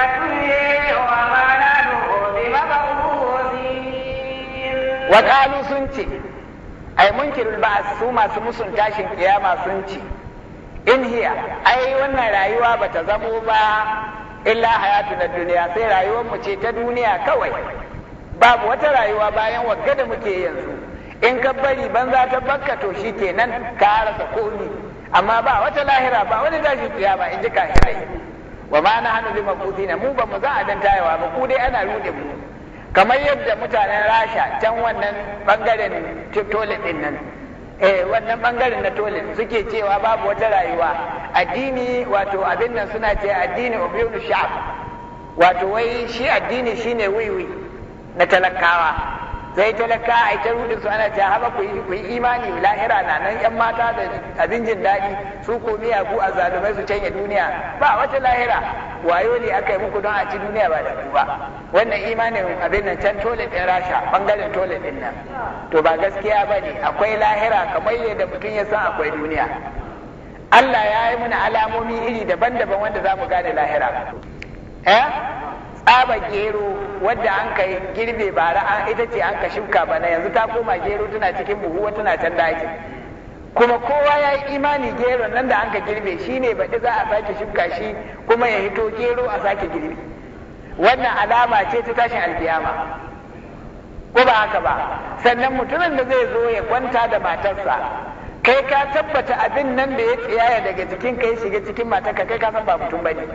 wa ma nahnu bi mab'uthin wa qalu sun ce ai munkirul ba'as su masu musun tashin kiyama sun ci in hiya ai wannan rayuwa bata zamo ba illa hayatu na duniya sai rayuwar mu ce ta duniya kawai babu wata rayuwa bayan wagga da muke yanzu in ka bari banza ta bakka to shikenan ka rasa komi amma ba wata lahira ba wani tashin kiyama in ji kafirai wa ma nahnu bi mabutina mu ba mu za a yawa ba ku dai ana rude mu kamar yadda mutanen rasha can wannan bangaren toilet din nan eh wannan bangaren na toilet suke cewa babu wata rayuwa addini wato abin nan suna ce addini ubiyunu sha'ab wato wai shi addini shine wiwi na talakawa sai talaka a ita rudin su ana cewa haka ku yi imani lahira na nan yan mata da abin jin daɗi su ko miya ku a zalumai su canye duniya ba wata lahira wayo ne aka yi muku don a ci duniya ba da ku ba wannan imanin abin nan can tole ɗin rasha bangaren tole ɗin nan to ba gaskiya ba ne akwai lahira kamar yadda mutum ya san akwai duniya Allah ya yi mana alamomi iri daban-daban wanda za mu gane lahira. Eh? aba gero wadda an ka girbe bara an ita ce an ka shuka na yanzu ta koma gero tana cikin buhu wata tana can daji kuma kowa ya yi imani gero nan da an ka girbe shi ne baɗi za a sake shuka shi kuma ya hito gero a sake girbi wannan alama ce ta tashin alkiyama ko ba haka ba sannan mutumin da zai zo ya kwanta da matarsa kai ka tabbata abin nan da ya tsiyaya daga cikin kai shiga cikin matarka kai ka san ba mutum bane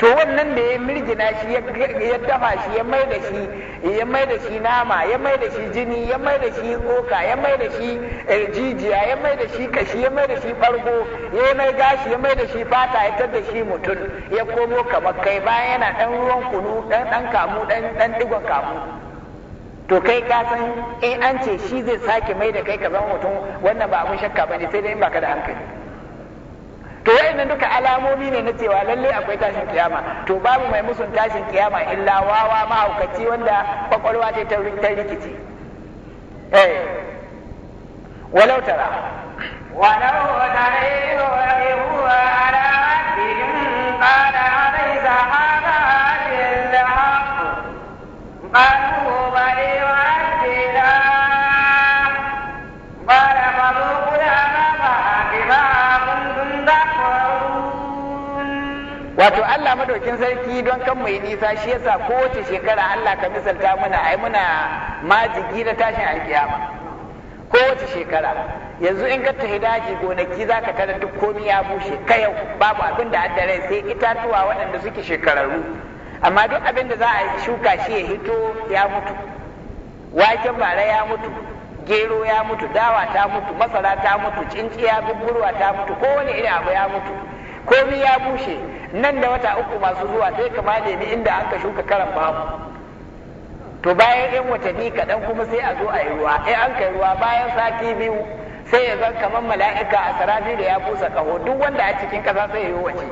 to wannan da ya mirgina shi ya dafa shi ya mai da shi ya mai da shi nama ya mai da shi jini ya mai da shi tsoka ya mai da shi eh, jijiya ya mai da shi kashi ya mai da shi bargo ya mai gashi ya mai da shi fata ya tar shi mutum ya komo kamar kai bayan yana dan ruwan kunu dan dan kamu dan dan kamu to kai ka san in an ce shi zai sake mai da kai ka zama mutum wannan ba abun shakka ne, sai dai in baka da hankali to wayannan duka alamomi ne na cewa lalle akwai tashin kiyama to babu mai musun tashin kiyama illa wawa mahaukaci wanda kwakwalwa ta ta rikici eh walau tara walau tara yuwa da wato Allah madaukin sarki don kan mai nisa shi yasa kowace shekara Allah ka misalta muna ai muna majigi na tashin alkiyama kowace shekara yanzu in ka tafi daji gonaki za ka tara duk komi ya bushe yau babu abin da an dare sai itatuwa waɗanda suke shekararru amma duk abin da za a shuka shi ya hito ya mutu waken bara ya mutu gero ya mutu dawa ta mutu masara ta mutu cinciya bubburwa ta mutu kowane irin abu ya mutu komi ya bushe nan da wata uku masu zuwa sai ka male ni inda aka shuka karan babu to bayan yan watanni kaɗan kuma sai a zo a yi ruwa in an kai ruwa bayan sati biyu sai ya zan kamar mala'ika a sarabi da ya busa kaho duk wanda a cikin ƙasa sai ya yi wace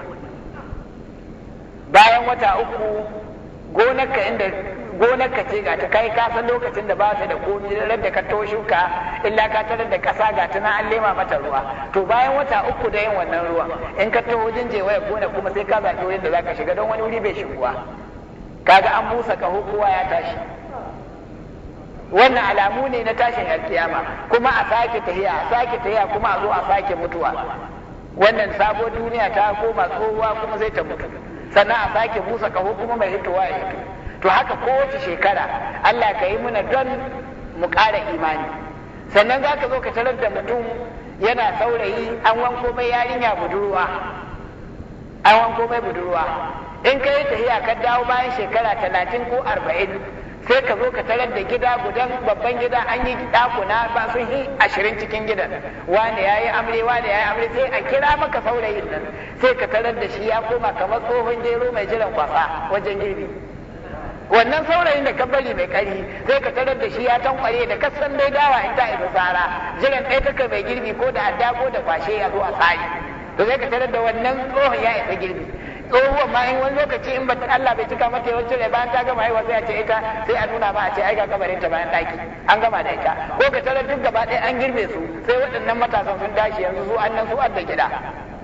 bayan wata uku gonarka inda Gonarka ce ga ta kai ka lokacin da ba ta da komi ran da ka to shuka illa ka tarar da kasa ga ta an lema mata ruwa to bayan wata uku da yin wannan ruwa in ka taho jinje waya gona kuma sai ka zaɓi wurin da zaka shiga don wani wuri bai shiguwa kaga an busa ka kowa ya tashi wannan alamu ne na tashin alkiyama kuma a sake tahiya a sake tahiya kuma a zo a sake mutuwa wannan sabo duniya ta koma tsohuwa kuma zai ta mutu sannan a sake busa kaho kuma mai hitowa ya hito to haka kowace shekara Allah ka yi muna don mu ƙara imani sannan za ka zo ka tarar da mutum yana saurayi an wanko mai yarinya budurwa an wanko mai budurwa in ka yi tafiya ka dawo bayan shekara talatin ko arba'in sai ka zo ka tarar da gida gudan babban gida an yi ɗakuna ba sun yi ashirin cikin gidan wane ya yi amre wane ya yi amre sai a kira maka saurayin nan sai ka tarar da shi ya koma kamar tsohon gero mai jiran kwasa wajen girbi wannan saurayin da ka bari mai kari sai ka tarar da shi ya tankware da kasan dai dawa in ta isa tsara jiran ɗaya kaka mai girbi ko da adda ko da kwashe ya zo a tsari to sai ka tarar da wannan tsohon ya isa girbi tsohuwan ma in wani lokaci in bata Allah bai cika mata yawancin rai bayan ta gama haihuwa sai a ce ita sai a nuna ma a ce ai ga kabarin ta bayan ɗaki an gama da ita ko ka tarar duk gaba ɗaya an girbe su sai waɗannan matasan sun tashi yanzu su nan su adda gida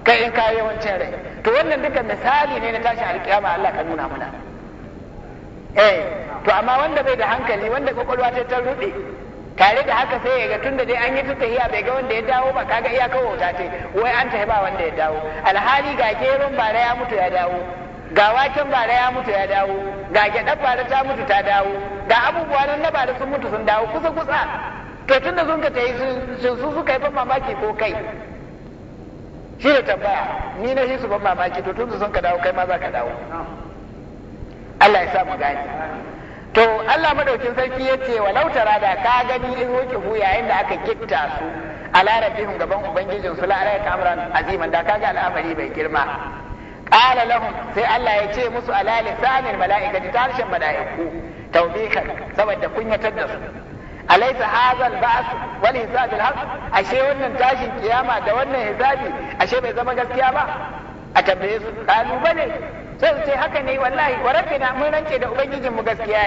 kai in ka yawancin rai to wannan duka misali ne na tashi alkiyama Allah ka nuna mana eh to amma wanda bai da hankali wanda kwakwalwa ta ta rude tare da haka sai ya ga da dai an yi ta tahiya bai ga wanda ya dawo ba kaga kawo ta ce wai an ta ba wanda ya dawo alhali ga geron bara ya mutu ya dawo ga waken bara ya mutu ya dawo ga gyaɗar bara ta mutu ta dawo ga abubuwa nan na bara sun mutu sun dawo kusa kusa to tun da sun ka tahi sun su suka yi ban mamaki ko kai shi da tambaya ni na shi su ban mamaki to da sun ka dawo kai ma za ka dawo Allah ya sa mu gane to Allah madaukin sarki ya ce wa lautara da ka gani in wuce hu yayin da aka kitta su a larabihim gaban ubangijin su la'ara ya kamran aziman da ka ga al'amari mai girma qala lahum sai Allah ya ce musu ala lisanil mala'ikati ta harshen mala'iku tawbikan saboda kunyatar da su alaysa hadha al-ba's wal hisab al-haq ashe wannan tashin kiyama da wannan hisabi ashe bai zama gaskiya ba a tambaye su kalu bane sai su ce haka ne wallahi wa rabbina mun rance da ubangijinmu gaskiya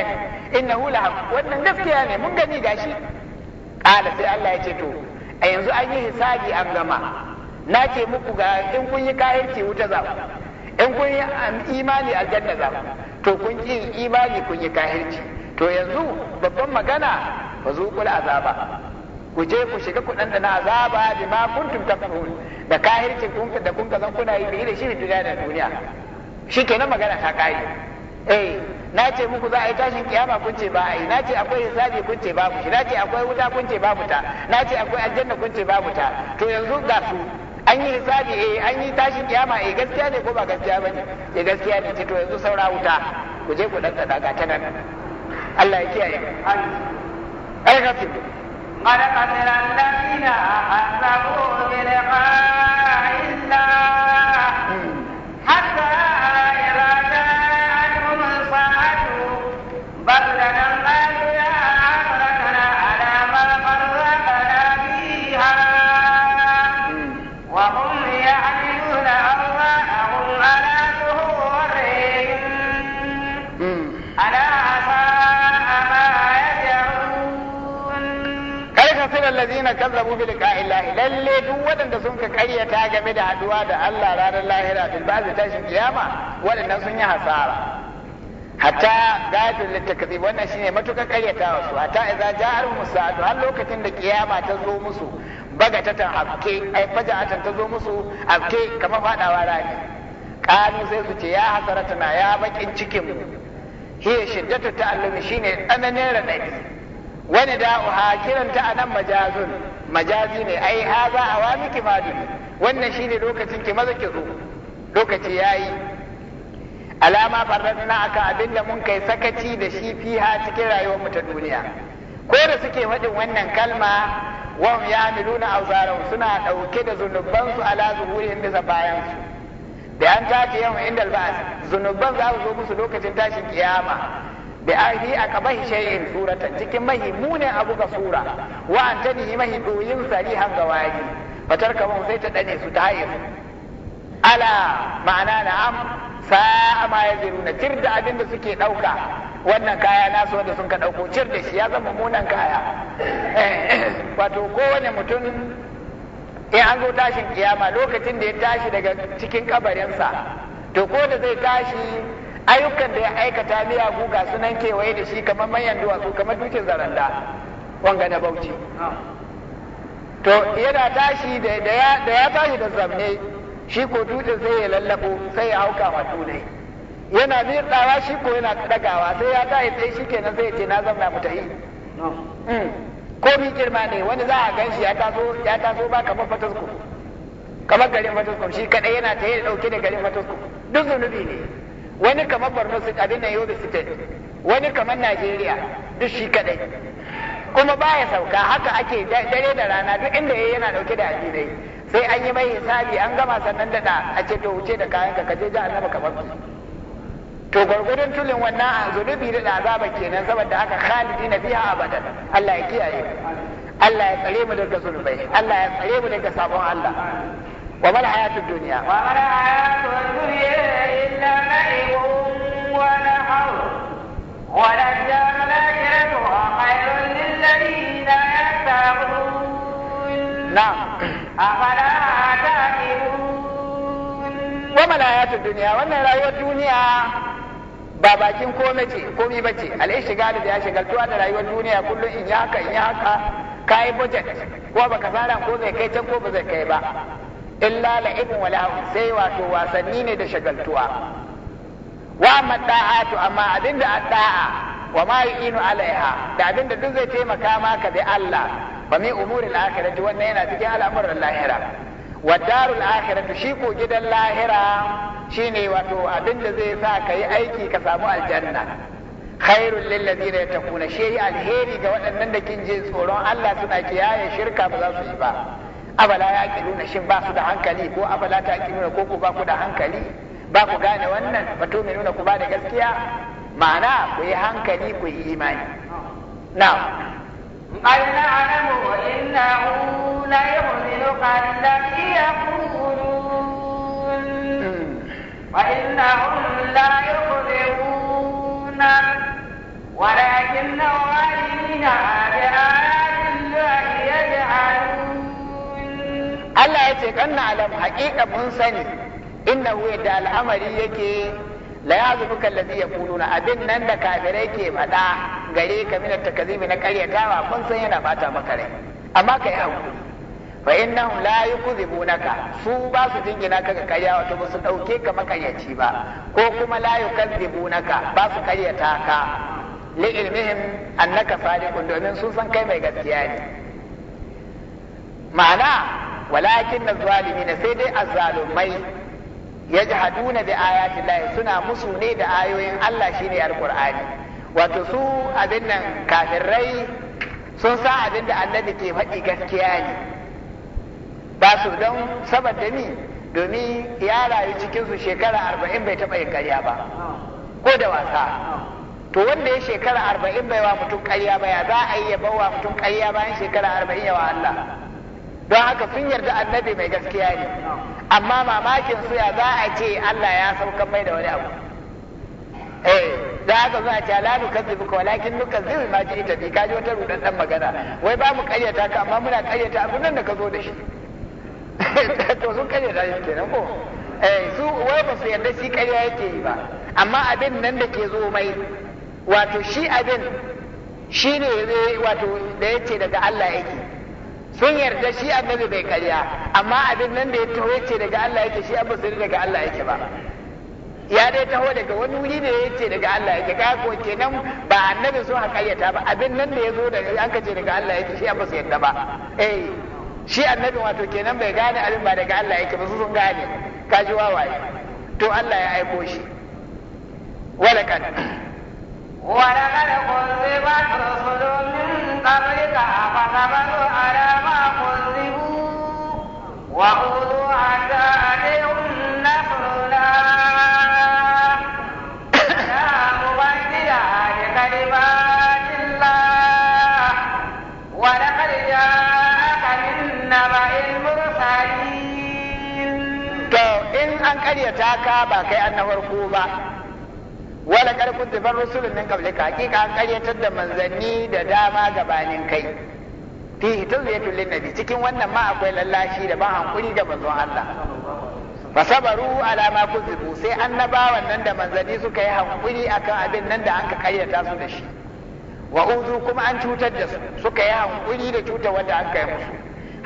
ne innahu la wannan gaskiya ne mun gani gashi kala sai Allah ya ce to a yanzu an yi hisabi an gama na ce muku ga in kun yi kahirci wuta za in kun yi um, imani aljanna za to kun yi imani kun yi kahirci to yanzu babban magana fa zuqul azaba ku je ku shiga ku dan na azaba bi ma kuntum tafun da kahircin kun da kun zan kuna yi da shi da duniya shi kenan magana ta kare eh na ce muku za a yi tashin kiyama kun ce ba a yi na ce akwai hisabi kun ce babu shi na ce akwai wuta kun ce babu ta na ce akwai aljanna kun ce babu ta to yanzu ga su an yi hisabi eh an yi tashin kiyama eh gaskiya ne ko ba gaskiya ba ne eh gaskiya ne ce to yanzu saura wuta ku je ku ɗanɗana ga ta nan Allah ya kiyaye ai kafin قد خسر الذين أحسبوا بلقاء kazzabu bi liqa'illahi lalle duk waɗanda sun ka karyata game da haduwa da Allah ranar lahira bil ba'd tashin kiyama waɗannan sun yi hasara hatta gadin littakazi wannan shine matukar karyatawa su hatta idza har musa'atu har lokacin da kiyama ta zo musu bagatatan afke ai faja'atan ta zo musu afke kamar fadawa rani kanu sai su ce ya hasaratuna ya bakin cikin mu hiya shiddatu ta'allumi shine tsananin radadi wani da'uha kiranta nan majazun majazi ne ai haza miki kimadu wannan shine lokacin ki maza ki zo lokaci yayi alama farradna akan abin da mun kai sakaci da shi fiha cikin rayuwar mu ta duniya ko da suke faɗin wannan kalma ya miluna awzarahum suna ɗauke da zunuban su ala zuhurihim bisa bayan su da an tace yawan inda alba'as zunuban za su zo musu lokacin tashin kiyama bi ahi bahi shay'in suratan cikin mahi munin abu ga sura wa an tani mahi doyin sarihan gawari sai ta dane su ta haye ala ma'ana na am sa'a ma yaziruna tirda da suke ɗauka wannan kaya nasu wanda sun ka dauko cir da shi ya zama munan kaya wato kowane mutum in an zo tashin kiyama lokacin da ya tashi daga cikin kabarinsa to ko da zai tashi ayyukan da ya aikata miyagu ga sunan kewaye da shi kamar manyan duwatsu kamar dukin zaranda wanga na bauchi to yana tashi da ya tashi da zamne shi ko dutsen sai ya lallabo sai ya hauka wa tunai yana mirɗawa shi ko yana dagawa sai ya tashi sai shi kenan sai ya ce na zamna mu tahi hmm. ko bi girma ne wani za a gan shi ya taso ya taso ba kamar fatasku kamar garin fatasku shi kadai yana tahi da dauke da garin fatasku duk zunubi ne wani kamar borno su abin na yobe state wani kamar najeriya duk shi kadai kuma baya sauka haka ake dare da rana duk inda ya yana dauke da addinai sai an yi mai hisabi an gama sannan da a ce to wuce da kayan ka je ji annaba kamar su to gwargwadon tulin wannan a zunubi da azaba kenan saboda haka biya a abadan Allah ya kiyaye Allah ya tsare mu daga zunubai Allah ya tsare mu daga sabon Allah wa mal hayatud dunya wa mal hayatud dunya illa na'am afala duniya wannan rayuwar duniya ba bakin ce komi bace al shiga da ya shigaltuwa da rayuwar duniya kullum in ya haka in ya haka kai budget ko baka fara ko zai kai can ko ba zai kai ba illa la'ibun wala sai wato wasanni ne da shagaltuwa wa mata'atu amma abinda adda'a wa ma inu alaiha da abinda duk zai taimaka maka da Allah fa min umuril akhirati wannan yana cikin al'amuran lahira wa ahiratu shi ko gidan lahira shine wato abin da zai sa kai aiki ka samu aljanna khairul lil ladina yattaquna shi alheri ga waɗannan da kin je tsoron Allah suna kiyaye shirka ba za su yi ba abala ya nuna shin ba su da hankali ko abala ta kiluna ko ku ba ku da hankali ba ku gane wannan ba to nuna ku ba da gaskiya ma'ana ku yi hankali ku yi imani na'am قد نعلم وإنه ليحزنك الذي يقولون وإنهم لا يخبرون ولكن الظالمين Allah ya kan na alam haƙiƙa mun sani, inna wuya da al'amari yake la yazuka allazi yaquluna abin nan da kafirai ke faɗa gare ka min takazibi na karyatawa kun san yana bata maka rai amma kai hakuri fa innahum la yukzibunaka su ba su jingina ka ga karya wato ba su dauke ka makaryaci ba ko kuma la yukazibunaka ba su karyata ka li ilmihim annaka sadiqun domin sun san kai mai gaskiya ne ma'ana walakin na sai dai azzalumai yajhaduna bi ayati llahi suna musu ne da ayoyin Allah shine alqur'ani wato su abin nan kafirai sun sa abin da annabi ke faɗi gaskiya ne ba su don saboda ni domin ya rayu cikin su shekara arba'in bai taɓa yin ƙarya ba ko da wasa to wanda ya shekara arba'in bai wa mutum ƙarya ba ya za a yi ya wa mutum ƙarya bayan shekara arba'in yawa Allah don haka sun yarda annabi mai gaskiya ne amma mamakin suya za a ce Allah ya saukar mai da wani abu eh da haka za a ce la nukazzibu ka walakin nukazzibu ma ji ita bi kaji wata rudan dan magana wai ba mu kayyata ka amma muna kayyata abun nan da ka zo da shi to sun karyata shi kenan ko eh su wai ba su yarda shi karya yake yi ba amma abin nan da ke zo mai wato shi abin shi ne wato da yace daga Allah yake sun yarda shi annabi bai karya amma abin nan da ya taho ce daga Allah yake shi abu sun daga Allah yake ba ya dai taho daga wani wuri da yace daga Allah yake ga ko kenan ba annabi so ha karyata ba abin nan da yazo daga an kace daga Allah yake shi abu sun yarda ba eh shi annabi wato kenan bai gane abin ba daga Allah yake ba su sun gane kaji wawaye to Allah ya aiko shi walakan ولقد كذبت رسل من قبلك فصبروا على ما كذبوا وأوذوا حتى أتيهم نصرنا لا مبدل لكلمات الله ولقد جاءك من نبأ المرسلين. إن أنكرت هكا بكي أنه ركوبا wala karkun tafar rusulun min ka hakika an karyatar da manzanni da dama gabanin kai fi zai lin nabi cikin wannan ma akwai lallashi da ban hankuri da manzon Allah fasabaru alama kun kuzibu sai annabawan nan da manzanni suka yi hankuri akan abin nan da anka karyata su da shi wa uzu kuma an cutar da su suka yi hankuri da cutar wanda an yi musu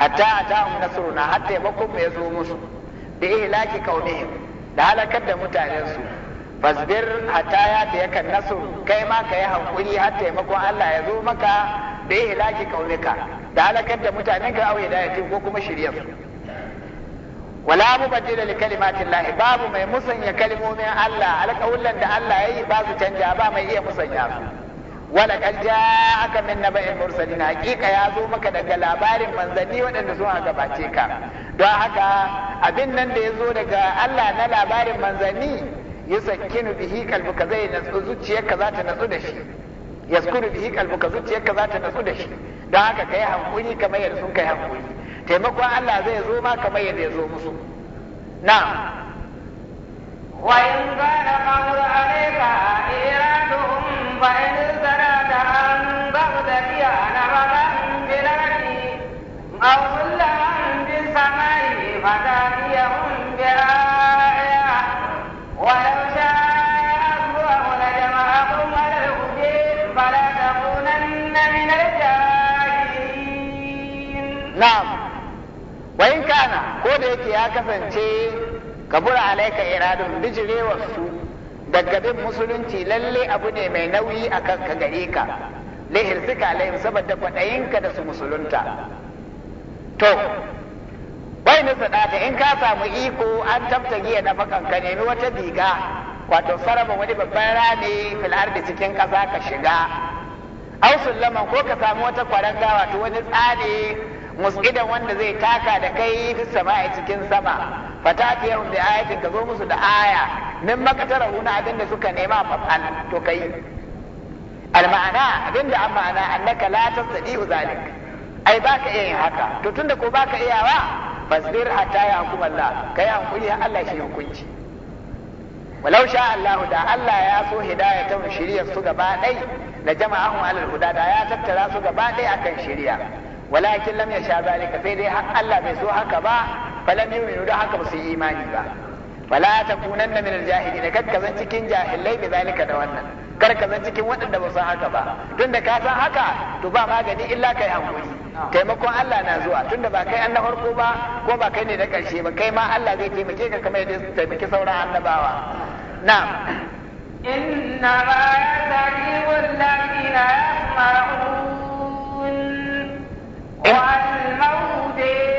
hatta a atahum nasruna hatta bakon ya zo musu da ihlaki kaunihim da halakar da mutanensu fasbir hatta ya ta yakan nasu kai ma ka yi hankuri har taimakon Allah ya zo maka da ya hilaki kaunika da halakar da mutanen ka auye dayatin ko kuma shiryar wala mu mubaddila li kalimatin lahi babu mai musanya kalmomin Allah alƙawullan da Allah ya yi ba su canja ba mai iya musanya su wala kan ja'aka min naba'il mursalin haqiqa ya zo maka daga labarin manzanni waɗanda sun gabace ka don haka abin nan da ya zo daga Allah na labarin manzanni yusakkinu bihi qalbuka zai natsu zuciyarka za ta natsu da shi yaskunu bihi zuciyarka za ta natsu da shi don haka kai hankuri kamar yadda sun kai hankuri taimakon Allah zai zo ma kamar yadda ya zo musu na. wa in kana qawlu alayka iraduhum fa in zarata an bagda bi anabadan biladi aw kullaman bi Na'am, ko da yake ya kasance kabura alaika iradun bijirewar su daga bin musulunci lalle abu ne mai nauyi a kan ka gare ka lehir suka da saboda kwaɗayinka da su musulunta. To, bai na sadaka in ka samu iko an tafta giya da bakan ka nemi wata diga wato saraba wani babban rami filar da cikin ƙasa ka shiga au sullaman ko ka samu wata kwaranga wato wani tsari mus'idan wanda zai taka da kai fi sama a cikin sama fata ta yau da ayatin ka zo musu da aya min makatara huna abin da suka nema fasal to kai alma'ana abin da an ma'ana annaka la tasdiqu zalik ai baka iya yin haka to tunda ko baka iyawa fasbir a taya hukum Allah yi hankuri har Allah shi hukunci walau sha Allah da Allah ya so hidaya ta shiriyar su gaba dai da jama'ahu alal huda da ya tattara su gaba dai akan shiriya walakin lam yasha zalika sai dai Allah bai so haka ba falam yu'minu da haka ba su yi imani ba wala kunan min al-jahilin kakkazan cikin jahilai bi zalika da wannan karkazan cikin waɗanda ba su haka ba tunda ka san haka to ba magani illa kai hankuri taimakon Allah na zuwa tunda ba kai an na farko ba ko ba kai ne na ƙarshe ba kai ma Allah zai taimake ka kamar yadda taimaki sauran annabawa na'am inna ma yastajibu alladhina yasma'un wa al-mawdi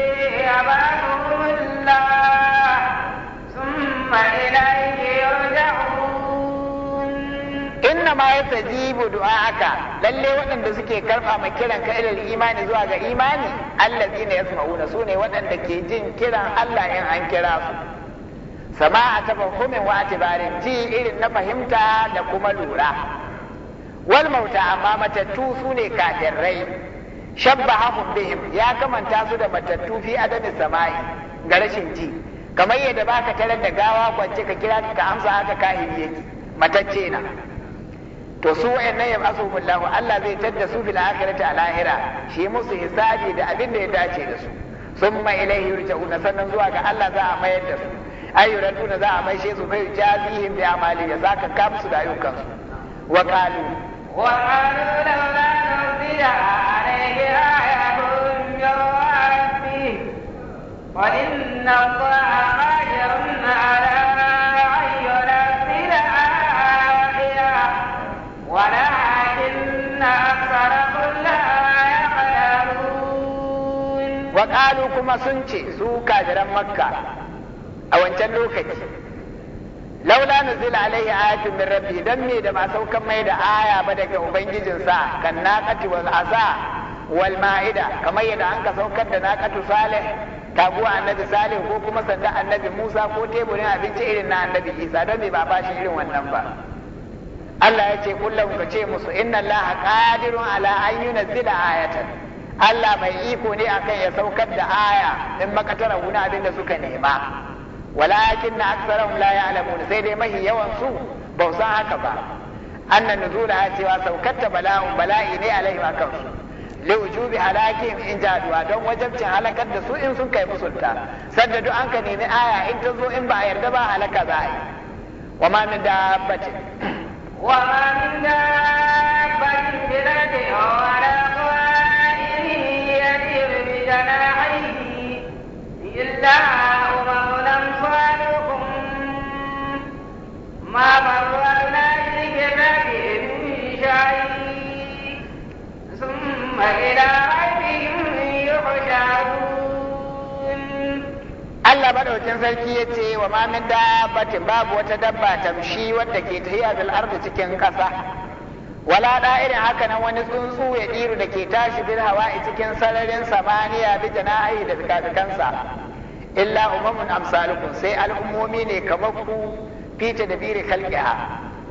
inna ma yastajibu aka lalle waɗanda suke karfa ma kiran ka ilal imani zuwa ga imani allazina yasma'una sune waɗanda ke jin kiran Allah in an kira su sama'a a tafahumin wa atibarin ji irin na fahimta da kuma lura wal mauta amma matattu sune kafirai shabbahum bihim ya kamanta su da matattu fi adami sama'i ga rashin ji kamar yadda baka tarar da gawa kwance ka kira ka amsa haka kahiri yake matacce na to su wayannan ya basu billahu Allah zai tadda su fil akhirati a lahira shi musu hisabi da abin da ya dace da su summa ilaihi yurja'una sannan zuwa ga Allah za a mayar da su ayyuraduna za a maishe su bai jazihim bi amali ya zaka kamsu da ayyukan su wa qalu wa qalu lawla nuzila alayhi ayatun min rabbih wa inna Allah qadirun ala Waƙalu kuma sun ce وقالوا كما Makka a جرم lokaci. أو أنت لوكتي laula nuzila alaihi min rabbi dan me da ba saukan mai da aya ba daga ubangijin sa kan naqati wal asa wal maida kamar yadda an ka saukar da naqatu salih taguwa annabi salih ko kuma sanda annabi musa ko teburin abinci irin na annabi isa don me ba bashi irin wannan ba Allah ya ce kullum ka ce musu inna Allah qadirun ala an yunzila ayatan Allah mai iko ne akan ya saukar da aya in makatara guna abin da suka nema walakin na aksarahum la ya'lamun sai dai mahi yawan su ba san haka ba annan nuzula cewa ta bala'un bala'i ne alaihi akan su liwujubi halakihim in jaduwa don wajabcin halakar da su in sun kai musulta sanda duk an ka nemi aya in ta zo in ba a yarda ba halaka za a yi wa ma min dabbatin Wa ɓangare banɗirake a walan gwajini ya da na aiki, yillawa ko banɗansu a dukun. Maɓarowar yi ko shatu. Allah madaukin sarki ya ce wa mamin min dabbatin babu wata dabba tamshi wadda ke tafiya bil ardi cikin ƙasa wala da irin haka nan wani tsuntsu ya ɗiru da ke tashi bil hawa'i cikin sararin samaniya bi janahi da fikafikansa illa umamun amsalukum sai al'ummomi ne kamar ku fita da biri khalqiha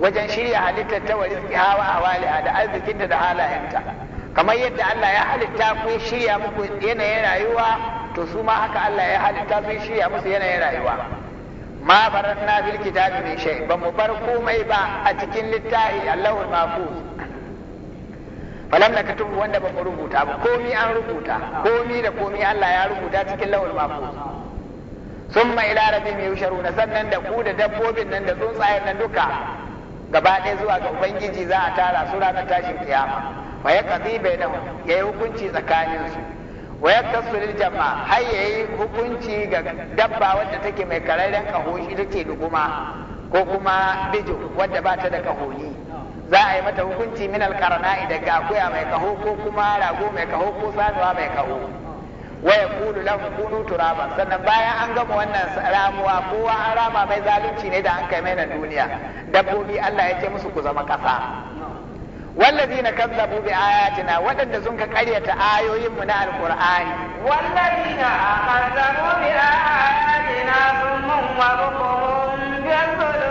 wajen shirya halittar ta wa rizqiha wa awaliha da arzikinta da halayenta kamar yadda Allah ya halitta ku shirya muku yanayin rayuwa to su ma haka Allah ya halitta sun shirya musu yanayin rayuwa ma na fil kitabi min shay ba mu bar komai ba a cikin littafi Allahul mahfuz falam na katubu wanda ba mu rubuta ba komi an rubuta komi da komi Allah ya rubuta cikin lawul mahfuz summa ila rabbihim yusharuna sannan da ku da dabbobin nan da tsuntsayen nan duka gaba ɗaya zuwa ga ubangiji za a tara su ranar tashin kiyama fa ya qadi bainahum ya yi hukunci tsakaninsu wa yaktasu jama'a har yayi hukunci ga dabba wadda take mai kararren kaho ita ce duguma ko kuma bijo wadda ba ta da kahoni za a yi mata hukunci min alqarna'i ga akuya mai kaho ko kuma rago mai kaho ko sanuwa mai kaho wa kulu lahu kunu turaba. sannan bayan an gama wannan ramuwa kowa an rama mai zalunci ne da an kai mai na duniya dabbobi Allah ya ce musu ku zama kasa والذين كذبوا بآياتنا ودن زنك قرية آيو من القرآن والذين كذبوا بآياتنا ثم وبكم بالظلمات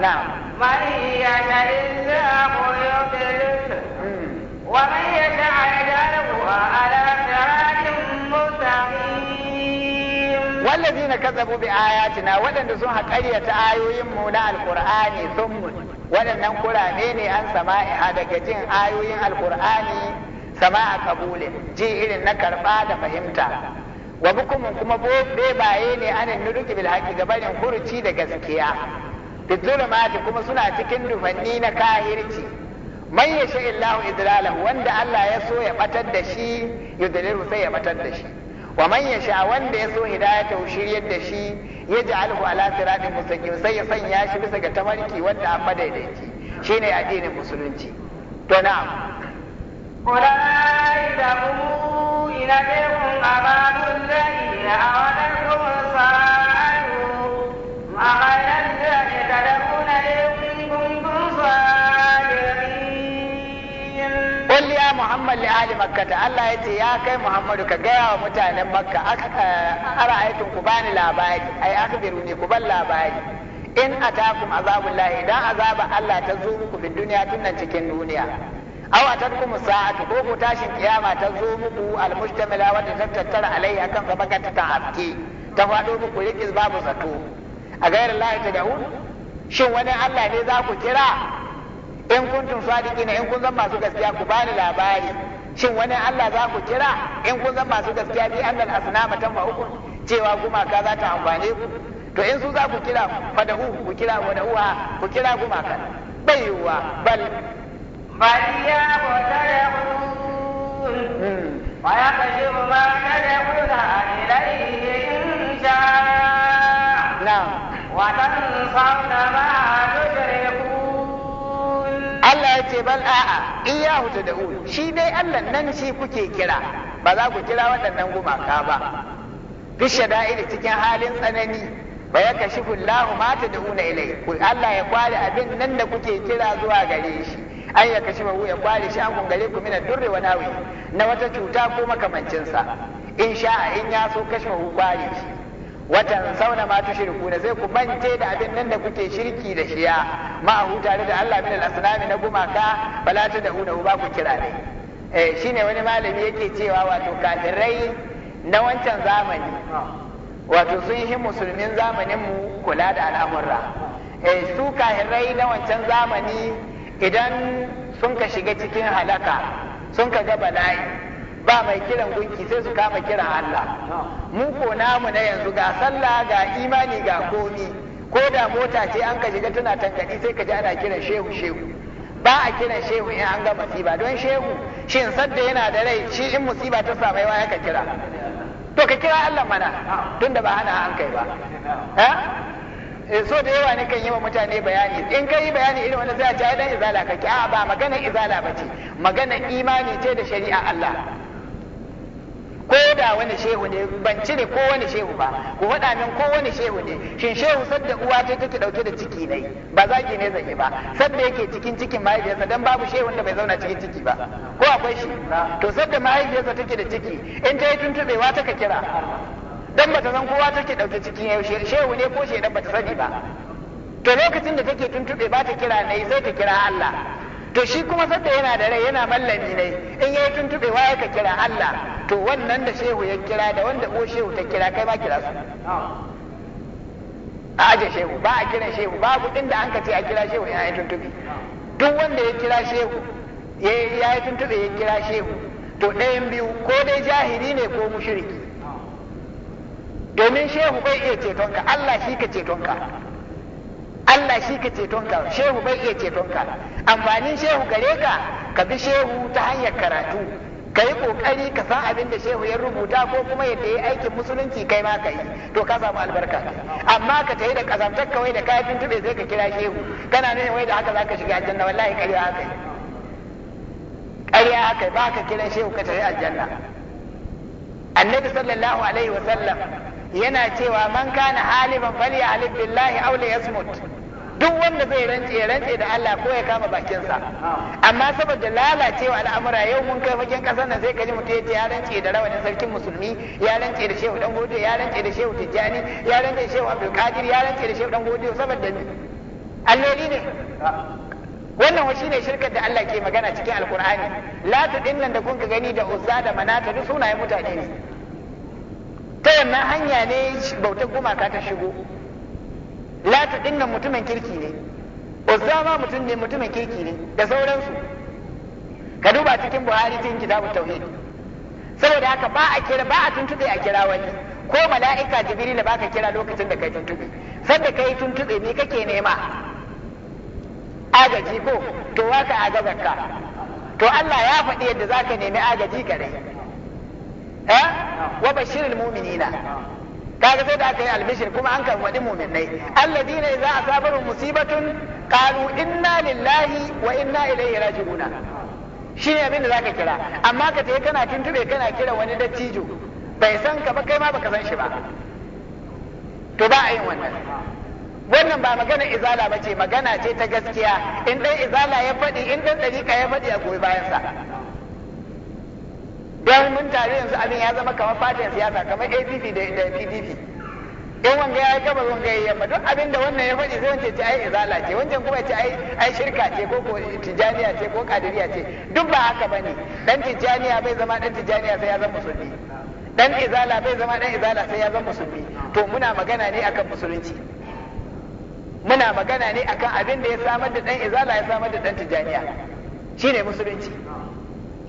نعم من يشاء الله يضلل ومن يشاء يجعله على wallazina kazzabu bi ayatina waɗanda sun haƙaryata ayoyin mu na alqur'ani sun waɗannan kurame ne an sama'iha daga jin ayoyin alqur'ani sama'a kabulin ji irin na karɓa da fahimta wa kuma kuma bebaye ne anan nuduki bil haƙi gabanin furuci da gaskiya fi kuma suna cikin dufanni na kahirci man yasha illahu idlalahu wanda Allah ya so ya batar da shi yudlilu sai ya batar da shi wa man yasha wanda ya so ta shiryar da shi ya ji ala siratin mustaqim sai ya sanya shi bisa ga tamarki wanda an madaidaici shine addinin musulunci to na'am أولئك da إليهم أمام الذين أولهم muhammad li Makka, makkata Allah ya ce ya kai muhammadu ka gaya wa mutanen makka eh, ara aikin ku bani labari ai akbiru ne ku ban labari in atakum azabullahi idan azaba Allah ta zo muku bin duniya tun nan cikin duniya aw atakum sa'atu ko ko tashin kiyama ta zo muku almustamila wadda ta tattara alai akan sabakata ta haske ta faɗo muku rikiz babu zato a gairin lahi ta da'un shin wani Allah ne za ku kira in kuntum sadiqina in kun zan masu gaskiya ku bani labari shin wani Allah za ku kira in kun zan masu gaskiya bi annal asnama ba uku cewa gumaka za ta amfane ku to in su za ku kira fadahu ku kira uwa ku kira gumaka bai yiwuwa bal bal ya wada'u ويقسم ما تدعون إليه إن شاء نعم وتنصون ما تشركون Allah ya ce bal a'a iyahu da'u shi dai Allah nan shi kuke kira ba za ku kira waɗannan gumaka ba fi shada'id cikin halin tsanani ba ya kashifu Allahu ma tad'una ilai ku. Allah ya kware abin nan da kuke kira zuwa gare shi an ya kashi ba ya kware shi an gare ku min durre wa nawi na wata cuta ko makamancinsa in sha'a in ya so ku kware shi watan sauna ma ne sai ku mance da abin nan da kuke shirki da shiya ma'ahu tare da Allah min al-asnami na gumaka bala ta da'una ba ku kira ne eh shine wani malami yake cewa wato kafirai na wancan zamani wato sun yi musulmin zamanin mu kula da al'amurra eh su kafirai na wancan zamani idan sun ka shiga cikin halaka sun ka ga bala'i ba mai kiran gunki sai su kama kiran Allah mu ko namu na yanzu ga sallah ga imani ga komi ko da mota ce an ka shiga tana tangadi sai ka ji ana kiran shehu shehu ba a kiran shehu in an ga musiba don shehu shin sadda yana da rai shi in musiba ta samu yawa ya ka kira to ka kira Allah mana tunda ba hana an kai ba eh, so da yawa ne kan yi wa mutane bayani in kai bayani irin wanda za a ci dan izala kake a ba magana izala ba ce magana imani ce da shari'a Allah ko da wani shehu ne ban cire ko wani shehu ba ku faɗa min ko wani shehu ne shin shehu sadda uwa ce take dauke da ciki ne ba za ki ne zai ba sadda yake cikin cikin mahaifiyarsa dan babu shehu da bai zauna cikin ciki ba ko akwai shi to sadda mahaifiyarsa take da ciki in ta yi tuntuɓewa ta ka kira dan bata san kowa take dauke ciki ne shehu ne ko shedan bata sani ba to lokacin da take tuntube ba ta kira ne sai ta kira Allah to shi kuma sadda yana da rai yana mallami ne in yayi tuntube wa ya kira Allah to wannan da shehu ya kira da wanda ko shehu ta kira kai ma kira su a aje shehu ba a kiran shehu babu inda an ka ce a kira shehu yana yi tuntube duk wanda ya kira shehu ya yi tuntube ya kira shehu to ɗayan biyu ko dai jahili ne ko mushriki domin shehu bai iya cetonka Allah shi ka cetonka Allah shi ka ceton ka shehu bai iya ceton ka amfanin shehu gare ka ka bi shehu ta hanyar karatu ka yi kokari ka san abin da shehu ya rubuta ko kuma yadda ya aikin musulunci kai ma ka yi to ka samu albarka amma ka tafi da kazantar kawai da kafin tube sai ka kira shehu kana nuna wai da haka za ka shiga aljanna wallahi ƙarya haka yi ƙarya haka ba ka kiran shehu ka tafi aljanna annabi sallallahu alaihi wa sallam yana cewa man kana haliban fali alif billahi aw la yasmut duk wanda zai rance ya da Allah ko ya kama bakinsa amma saboda lalacewa al'amura yau mun kai fagen kasar nan sai kaji mutum ya rance da rawanin sarkin musulmi ya rance da shehu dan gode ya rance da shehu tijjani ya rance da shehu abdul qadir ya rance da shehu dan gode saboda ni alloli ne wannan wa shine shirkar da Allah ke magana cikin alqur'ani la tudinnan da kun ka gani da uzza da manata duk sunayen mutane ne ta yamma hanya ne bautar gumaka ta shigo lata ɗinnan mutumin kirki ne uzama mutum ne mutumin kirki ne da sauransu ka duba cikin buhari cikin kitabu tauhid saboda haka ba a kira ba a tuntube a kira wani ko mala'ika jibril ba ka kira lokacin da kai tuntube sanda kai tuntube me kake nema agaji ko to waka agazarka to Allah ya faɗi yadda za ka nemi agaji ka rai wa na. mu'minina kaga sai da aka yi albishin kuma an kan wadi mu'minai alladina idza asabahum musibatun qalu inna lillahi wa inna ilaihi raji'una shine abin da zaka kira amma ka tayi kana tuntube kana kira wani dattijo bai san ka ba kai ma baka san shi ba to ba a yin wannan wannan ba magana izala ba ce magana ce ta gaskiya in dan izala ya faɗi in dan ɗariƙa ya faɗi a goyi bayansa don mun tare yanzu abin ya zama kamar fatan siyasa kamar APC da PDP in wanga ya yi gabas wanga ya yi yamma duk abin da wannan ya faɗi zai wance ce ai izala ce wancan kuma ce ai ai shirka ce ko ko tijaniya ce ko kadiriya ce duk ba haka bane dan tijaniya bai zama dan tijaniya sai ya zama musulmi dan izala bai zama dan izala sai ya zama musulmi to muna magana ne akan musulunci muna magana ne akan abin da ya samar da dan izala ya samar da dan tijaniya shine musulunci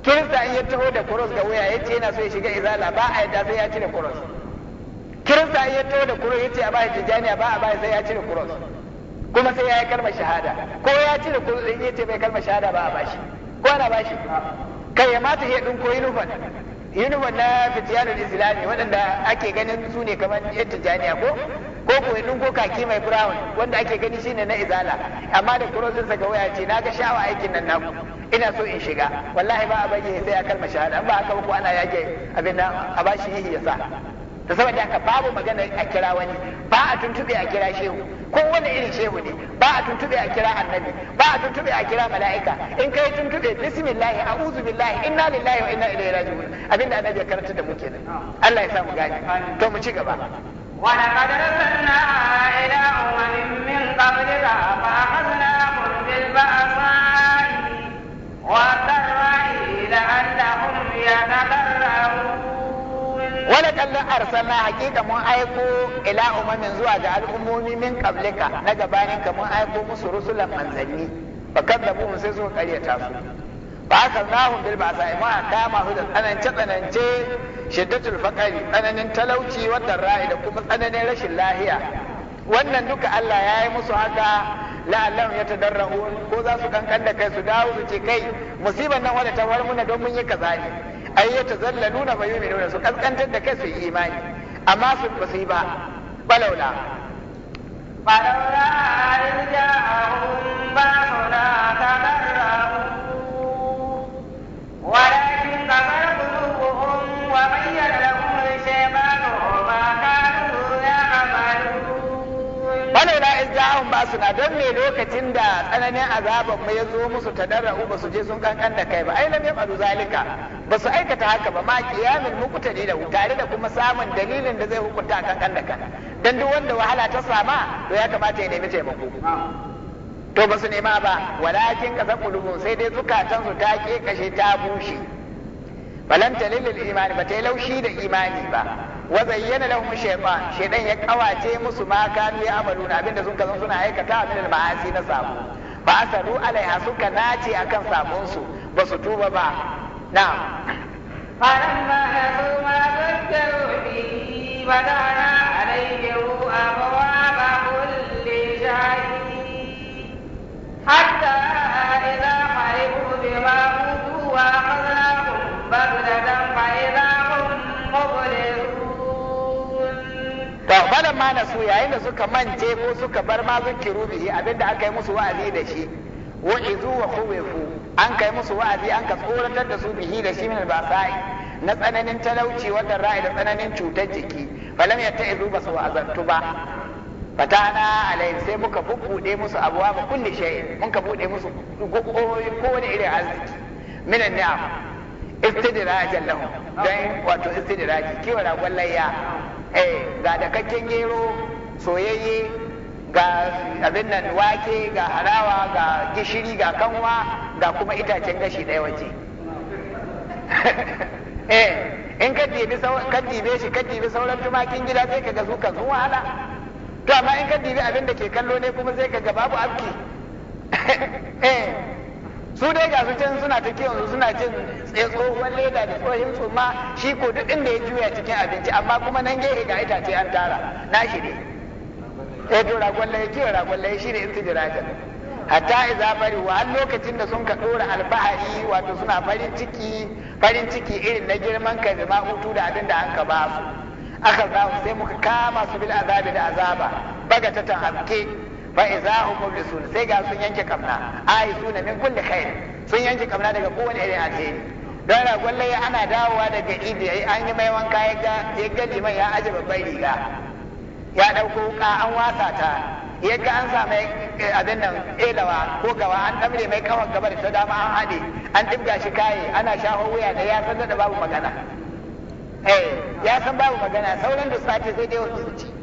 kirista in ya taho da kuros ga wuya ya ce yana so ya shiga izala ba a yadda sai ya cire kuros kirista in ya taho da kuros ya ce a ba tijaniya ba a ba sai ya cire kuros kuma sai ya yi kalmar shahada ko ya cire kuros in ya ce bai kalmar shahada ba a bashi ko ana bashi kai ya mata ya dinko uniform uniform na fitiyanul islami waɗanda ake ganin su ne kamar yadda tijaniya ko ko kuwa ko kaki mai brown wanda ake gani shine na izala amma da crossing sa ga waya ce naga sha'awa aikin nan naku ina so in shiga wallahi ba a bayyana sai a kalma shahada ba haka ko ana yake abin nan a bashi yi ya sa da saboda haka babu magana a kira wani ba a tuntube a kira shehu ko wani irin shehu ne ba a tuntube a kira annabi ba a tuntube a kira mala'ika in kai tuntube bismillah a'udhu billahi inna lillahi wa inna ilaihi raji'un abinda annabi ya karanta da mu kenan Allah ya sa mu gane to mu ci gaba ولقد رسلنا إلى أمم من قبلك فأخذناهم بالبأساء والضراء لعلهم يتضرعون Wadatan zan arsana hakika mun aiko ila umamin zuwa ga al’ummomi min kablika na gabaninka mun aiko musu rusulan manzanni, ba kan da sai suka karyata su. fa akhadnahum bil ba'sa'i ma kama hu da tsanance tsanance shiddatul faqari tsananin talauci wadda ra'i da kuma tsananin rashin lahiya wannan duka Allah ya yi musu haka la'allam ya tadarra'un ko za su kankan da kai su dawo su ce kai musibar nan wadda ta warmuna don mun yi kaza ne ai ya tazallaluna fa yu'minuna su kaskantar da kai su yi imani amma su ba su yi ba balaula فلولا إذ ولكن كفر قلوبهم وبين لهم الشيطان ما كانوا tsananin azaban mai zo musu ta ba su je sun kankan da kai ba ai lam yaf'alu zalika ba su aikata haka ba ma kiyamin ne da tare da kuma samun dalilin da zai hukunta kankan da kan dan duk wanda wahala ta sama to ya kamata ya nemi taimako to ba su nema ba walakin kasar kulubun sai dai zukatansu ta ke kashe ta bushe balan talilil imani ba ta yi laushi da imani ba wa zayyana lahum shaytan shaytan ya kawace musu ma kanu ya amalu na abinda sun kazan suna aikata min al ma'asi na sabo ba asadu alaiha suka nace akan sabon su ba su tuba ba na'am ma lamma na su yayin da suka mance ko suka bar ma zukiru bihi abinda aka yi musu wa'azi da shi wa'izu wa khuwifu an kai musu wa'azi an ka tsoratar da su bihi da shi min al-basa'i na tsananin talauci wanda ra'ayi da tsananin cutar jiki falam yatta'izu basu wa'azantu ba fatana alai sai muka bubbude musu abuwa ba kulli shay mun ka bude musu gogoyi ko wani irin arziki min niam istidraj lahum dai wato istidraj kiwa ragwallaya Eh, ga dakakken gero soyayye ga abin nan wake ga harawa ga gishiri ga kanwa ga kuma itacen gashi ɗaya waje eh in ka dibe shi ka dibi sauran tumakin gida sai ka ga su kan sun wahala to amma in ka dibi abin da ke kallo ne kuma sai ka ga babu abki eh su dai ga su can suna ta kiwon suna cin eh, tsohuwar leda da tsohin tsumma shi ko duk inda ya juya cikin abinci amma kuma nan gehe ga itace an tara na shi ne eh to ragwalla ya kiwon ragwalla ya shine intijirata hatta iza bari wa lokacin da sun ka dora albahari wato suna farin ciki farin ciki irin na girman kai da ma'utu da abin da an ba su aka za sai muka kama su bil azabi da azaba Baga bagatatan habke fa iza hum mublisun sai ga sun yanke kamna ai suna min kulli khair sun yanke kamna daga kowane irin alheri don ragon layya ana dawowa daga idi an yi mai wanka ya ga ya ga liman ya aje babban riga ya dauko wuka an wasa ta ya ga an sami eh, abin nan elawa ko gawa an tamre mai kawar gaba da ta dama an haɗe an tibga shi kaye ana shaho wuya da ya san da babu magana eh ya san babu magana sauran da sati zai dai wasu su ci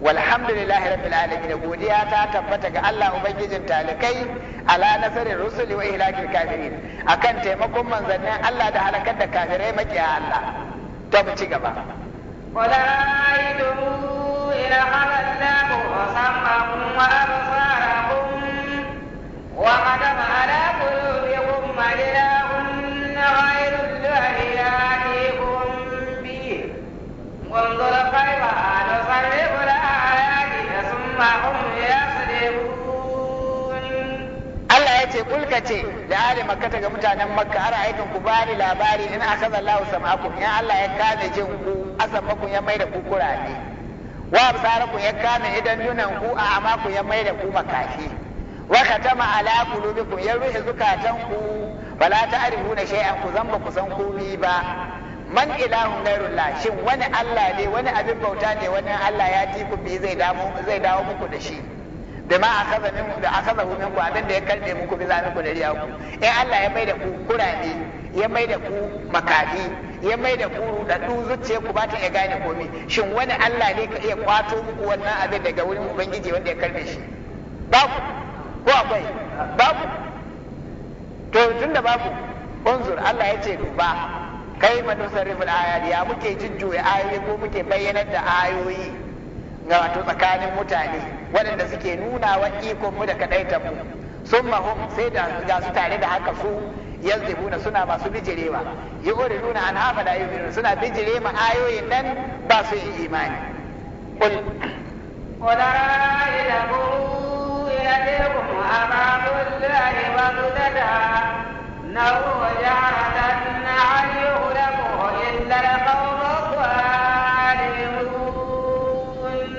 walhamdulillahi rabbil da godiya ta tabbata ga Allah ubangijin talikai ala nasarin rusuli wa ihlakil kafirin akan taimakon manzannin Allah da halakar da kafirai makiya Allah to mu ci gaba wala aidu ila halallahu wa samakum wa suka ce da ari makka ga mutanen makka har aikin ku bari labari in akaza Allahu sam'akum in Allah ya kame jin ku asamakum ya maida ku kurare wa absarakum ya kame idan dunan ku a amakum ya maida ku makashi wa katama ala qulubikum ya ruhi zukatan ku bala ta'rifuna shay'an ku zamba ku san komi ba man ilahun la shin wani Allah ne wani abin bauta ne wani Allah ya ji ku bi zai dawo muku da shi da ma akaza min da akaza min ku abinda ya karbe muku bi zanu ku da riya ku in Allah ya maida ku kurani ya maida ku makadi ya maida ku rudaddu zuciya ku ba ta iya gane komai shin wani Allah ne ka iya kwato muku wannan abin daga wurin ubangiji wanda ya karbe shi Ba ku, ko akwai ba ku? to tunda ku unzur Allah ya ce duba kai ma nusarrifin ayati ya muke jujjuya ayoyi ko muke bayyanar da ayoyi ga wato tsakanin mutane waɗanda suke nuna wa ikon mu da kaɗaita mu sun mahum sai da ga su tare da haka su yazzibuna suna masu bijirewa yi ori nuna an hafa da yu'minuna suna bijire ma ayoyin nan ba su yi imani qul wala ilaku yadikum amamul lahi wa tudada nahu wa ja'alanna ayyuhu illa al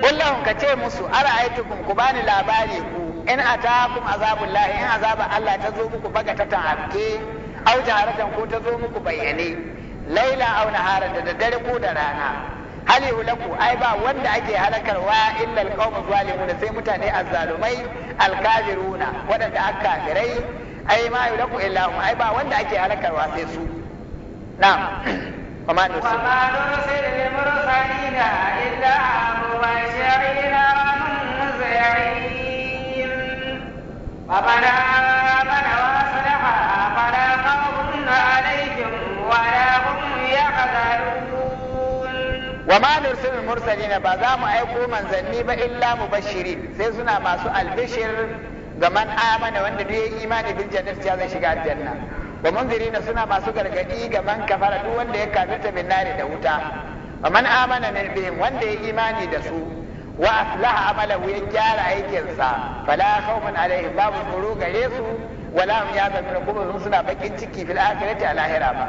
kullum ka ce musu ara'aytukum ku bani labari ku in atakum azabullahi in azaba Allah ta zo muku baga ta ta'abke au jaharatan ko ta zo muku bayyane laila au naharan da daddare ko da rana hali hulaku ai ba wanda ake halakarwa illa alqawmu zalimuna sai mutane azzalumai alkafiruna waɗanda aka kafirai ai ma yulaku illa ai ba wanda ake halakarwa sai su na'am وما نرسل وما نرسل المرسلين إلا مبشرين ومنذرين فمن آمن وأصلح فلا خوف عليهم ولا هم يحزنون وما نرسل المرسلين بازام أيكو من ذنب إلا مبشرين سيزنا ما سؤال بشر ga man amana wanda duk ya imani bil jannati ya zai shiga aljanna wa munzirina suna masu gargadi ga man kafara duk wanda ya kafirta min nari da wuta wa man amana min bihim wanda ya imani da su wa aslaha amalahu ya gyara aikinsa fala khawfun alaihim babu tsoro gare su wala hum yazamuna kuma sun suna bakin ciki fil akhirati a lahira ba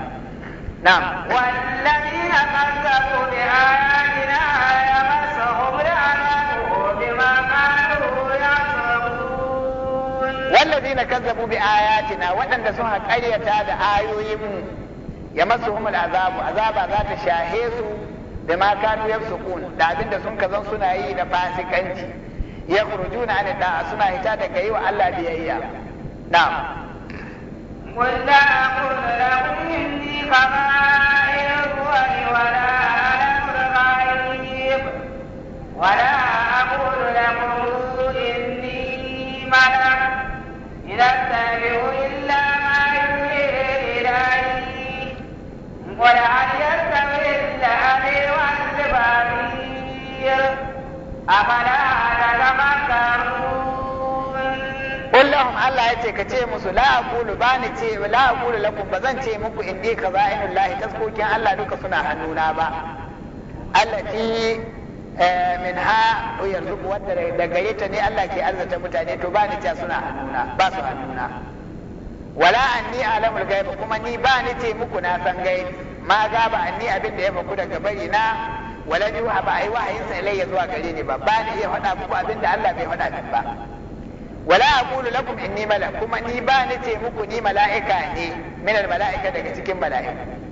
na'am wallazina kazzabu bi ayatina yamasuhum la'an allazina kazzabu bi na waɗanda sun haƙaryata da ayoyinmu ya masu humul azabu azaba za ta shahe su da ma kanu da abinda sun kazan suna yi da fasikanci ya kurjuna an suna hita daga yi wa Allah biyayya na'am ولا أقول لهم إني خبائر ولا أعلم الغيب ولا أقول لهم إني ملك نتبع إلا ما يوحي إليه ولعل يستوي الأعمي والبصير أفلا قل لهم الله يتي كتي مسو لا أقول باني تي لا أقول لكم بزن تي مكو إني كبائن الله تسكوكي الله دوك سنة هنونا با التي Eh, min ha yanzu wanda da gare ta ne Allah ke arzata mutane to ba ni ta suna hannuna ba su hannuna wala anni alamul gaib kuma ni ba ni ce muku na san gai. ma ga ba anni abin da ya faku daga bari na wala ni wa ba ai wahayin sa ilayya zuwa gare ni ba ba ni iya faɗa muku abin da Allah bai faɗa min ba wala aqulu lakum inni malak kuma ni ba ni ce muku ni mala'ika ne min al mala'ika daga cikin mala'ika.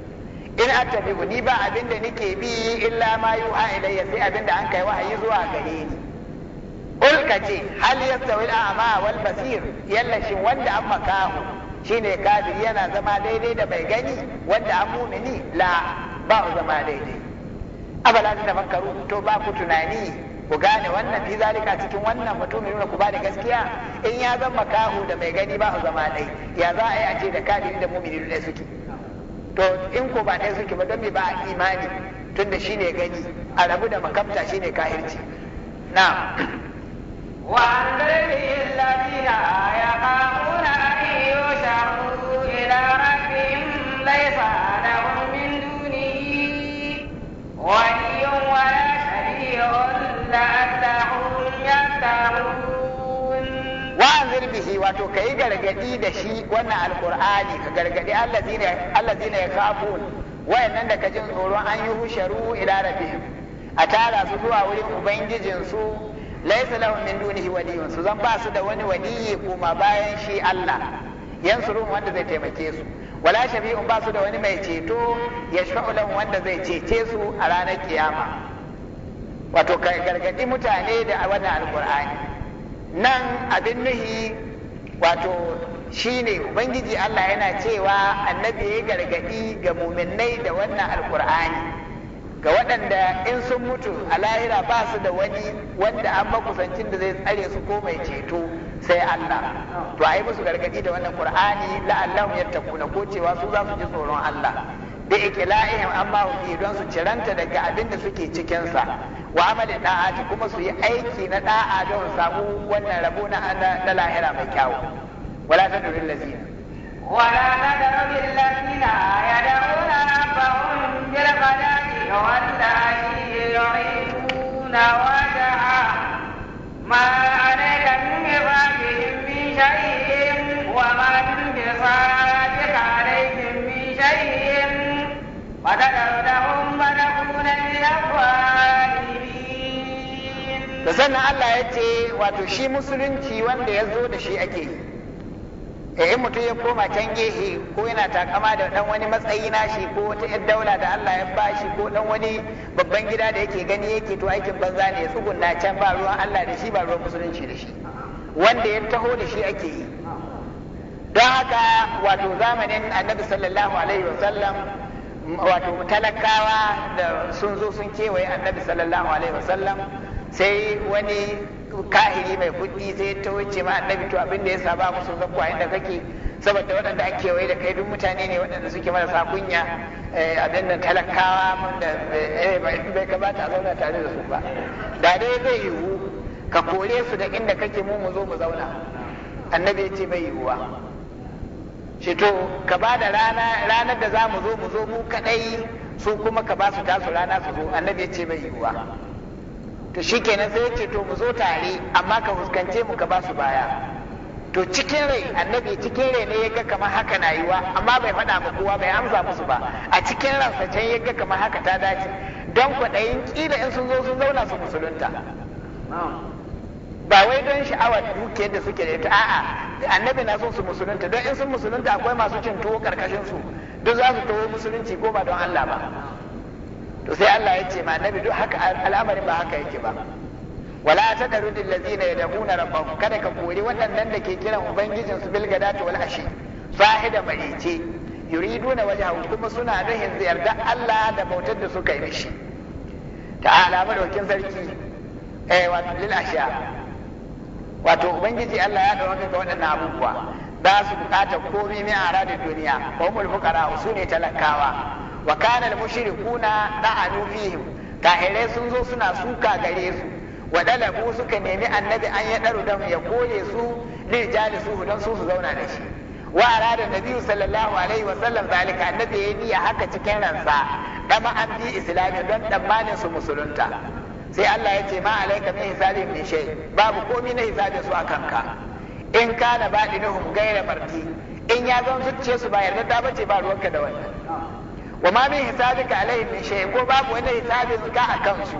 in attabi'u ni ba abinda nike bi illa ma yuha ilayya sai abinda an kai wahayi zuwa gare ni Ulka ka ce hal yastawi al-a'ma wal basir yalla shin wanda an makahu shine kafiri yana zama daidai da bai gani wanda an mumini la ba zama daidai abala da makaru to ba ku tunani ku gane wannan fi zalika cikin wannan mutumin ne ku ba da gaskiya in ya zama kahu da bai gani ba zama dai ya za a yi a ce da kafiri da mumini da suke to in ko ba ɗaya suke ba don me ba a imani tunda shine gani a rabu da makamta shine kahirci na wa anzalil ladina yaqamuna ayyushamu ila rabbihim laysa lahum min dunihi waliyyun wala shari'un ya yattaqun wa'azir bihi wato ka yi gargadi da shi wannan alkur'ani ka gargadi allazina ya kafu wayannan da ka jin tsoron an yi husharu ila rabbihim a tara su zuwa wurin ubangijinsu laisa lahum min dunihi waliyun su zan ba su da wani waliyi kuma bayan shi Allah yansurun wanda zai taimake su wala shafi'un ba su da wani mai ceto ya lahum wanda zai cece su a ranar kiyama wato ka gargadi mutane da wannan alkur'ani nan abin nuhi wato shi ne, ubangiji Allah yana cewa annabi ya gargaɗi ga muminai da wannan alkur'ani ga waɗanda in sun mutu a lahira ba su da wani wanda an makusancin da zai tsare su ko mai ceto sai Allah to a yi musu gargaɗi da wannan qur'ani la'allahu yattaquna ko cewa su za su ji tsoron Allah da ikla'ihim amma fi don su ciranta daga abin da suke cikinsa wa amalin da'ati kuma su yi aiki na da'a don samu wannan rabo na na lahira mai kyawu wala ta tadrul lazina wala tadrul lazina yad'una rabbahum bil qadari wal lahi yu'minuna wajha ma alayka min rabbihim min shay'in wa ma ke bisatika alayhim min shay'in wa tadrul da sannan Allah ya ce wato shi musulunci wanda ya zo da shi ake yi eh, in mutum ya koma can gehe ko yana takama da dan wani matsayi na shi ko wata yar daula da Allah ya ba shi ko dan wani babban gida da yake gani yake to aikin banza ne ya tsugunna can ba ruwan Allah da shi ba ruwan musulunci da shi wanda ya taho da shi ake yi don haka wato zamanin annabi sallallahu alaihi wasallam wato talakawa da sun zo sun kewaye annabi sallallahu alaihi wasallam sai wani kahiri mai kuɗi sai ta wuce ma annabi to abin da ya saba musu zakwa inda kake saboda waɗanda ake kewaye da kai duk mutane ne waɗanda suke marasa kunya eh, a nan talakawa da eh, bai kamata a zauna tare da su ba da dai zai yiwu ka kore su da inda kake mu mu zo mu zauna annabi ya ce bai yiwuwa shi to ka ba da ranar da za mu zo mu zo mu kaɗai su kuma ka ba su tasu rana su zo annabi ya ce bai yiwuwa to na sai ce to mu zo tare amma ka fuskance mu ka ba su baya to cikin rai annabi cikin rai ne ya ga kamar haka na yiwa amma bai faɗa ma kowa bai amsa musu ba a cikin ransa can ya ga kamar haka ta dace don kwaɗayin ƙila in sun zo sun zauna su musulunta ba wai don sha'awar dukiyar da suke da ita a'a annabi na son su musulunta don in sun musulunta akwai masu cin tuwo karkashin su duk za su tawo musulunci ko ba don Allah ba to sai Allah ya ce ma annabi duk haka al'amarin ba haka yake ba wala daru dil ladina yad'una rabbahum kada ka kori waɗannan da ke kiran ubangijin su bil gadati wal ashi sahida marice yuriduna wajha kuma suna rahin ziyarda Allah da bautar da suka yi mishi Ta ta'ala madaukin sarki eh wato lil ashiya wato ubangiji Allah ya dawo ga waɗannan abubuwa za su bukata komai mai ara duniya ko mulfukara su ne talakawa wa kana mushrikuna da'anu fihim kahire sun zo suna suka gare su wa dalabu suka nemi annabi an ya daru dan ya kore su li jalisu dan su su zauna da shi wa arada nabi sallallahu alaihi wa sallam zalika annabi ya niyya haka cikin ransa dama an bi islami dan tsammanin su musulunta sai Allah ya ce ma alaika min hisabin min shay babu komai na hisabin su akan ka in kana badinuhum gaira marti in ya zan zuciye su ba yarda ta bace ba ruwanka da wannan wa ma min hisabika alaihim min shay ko babu wani hisabin ka akan su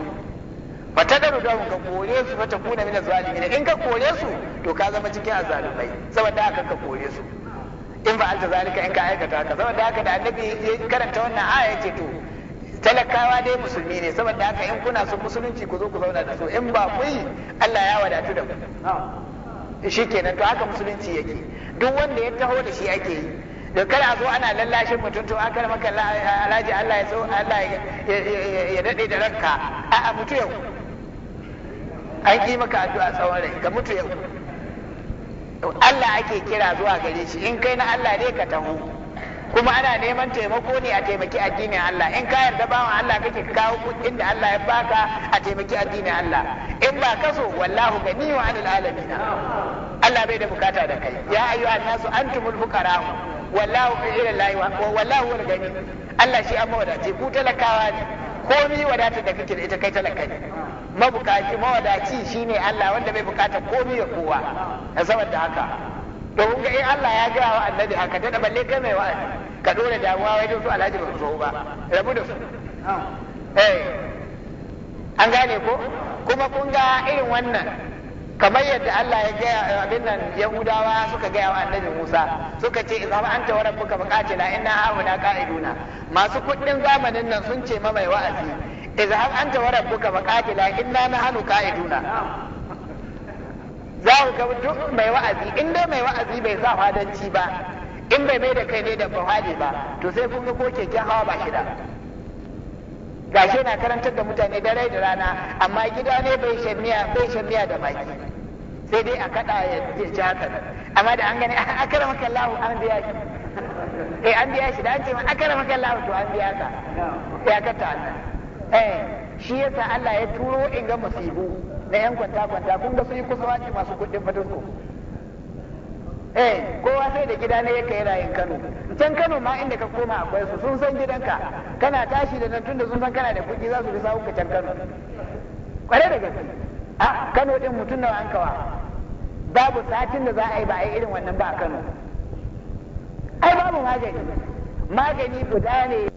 fa tadaru da ka kore su fa kuna min zalimin in ka kore su to ka zama cikin azalimai saboda haka ka kore su in ba alta zalika in ka aikata haka saboda haka da annabi ya karanta wannan aya yake to talakawa dai musulmi ne saboda haka in kuna son musulunci ku zo ku zauna da su in ba ku yi Allah ya wadatu da ku shikenan to haka musulunci yake duk wanda ya taho da shi ake yi da kar a zo ana lallashin mutum to akar maka alhaji Allah ya so Allah ya dade da ranka a a mutu yau an yi maka addu'a tsawon rai ka mutu yau Allah ake kira zuwa gare shi in kai na Allah ne ka taho kuma ana neman taimako ne a taimaki addinin Allah in ka yarda bawan Allah kake kawo kuɗin da Allah ya baka a taimaki addinin Allah in ba kaso wallahu gani anil alamin Allah bai da bukata da kai ya ayyuhan nasu antumul fuqara wallahu ila lahi wallahu wal gani Allah shi amma wadace ku talakawa ne komi wadata da kake da ita kai talaka ne mabukaci mawadaci shine Allah wanda bai bukata komi ya kowa a saboda haka to kun ga in Allah ya ga wa annabi haka ta da balle kai mai wa'azi ka dole damuwa wai su alhaji ba zo ba rabu da su eh an gane ko kuma kun ga irin wannan kamar yadda Allah ya gaya abin nan Yahudawa suka gaya wa annabi Musa suka ce an ba anta warab buka na inna hauna qa'iduna masu kuɗin zamanin nan sun ce ma mai wa'azi idza anta warab buka la inna nahnu qa'iduna za ku ga duk mai wa'azi in dai mai wa'azi bai sa fadanci ba in bai mai da kai ne da bahali ba to sai kun ga ko keken hawa ba shida gashi na karantar da mutane dare da rana amma gida ne bai shamiya bai shamiya da baki sai dai a kada ya ci haka amma da an gani ah, akramaka maka an biya shi eh an biya shi da an ce ma akramaka maka to an biya ka ya ka ta eh shi yasa Allah ya turo in ga musibu na yan kwanta kwanta kun ga su yi kusa wace masu kuɗin fatan eh kowa sai da gida ne yake yin Kano can Kano ma inda ka koma akwai su sun san gidanka kana tashi da nan tunda sun san kana da kuɗi za su bi sauka can Kano kware da gaske a ah, Kano din mutum nawa an kawa babu satin da za a yi ba a yi irin wannan ba a Kano ai babu magani magani guda ne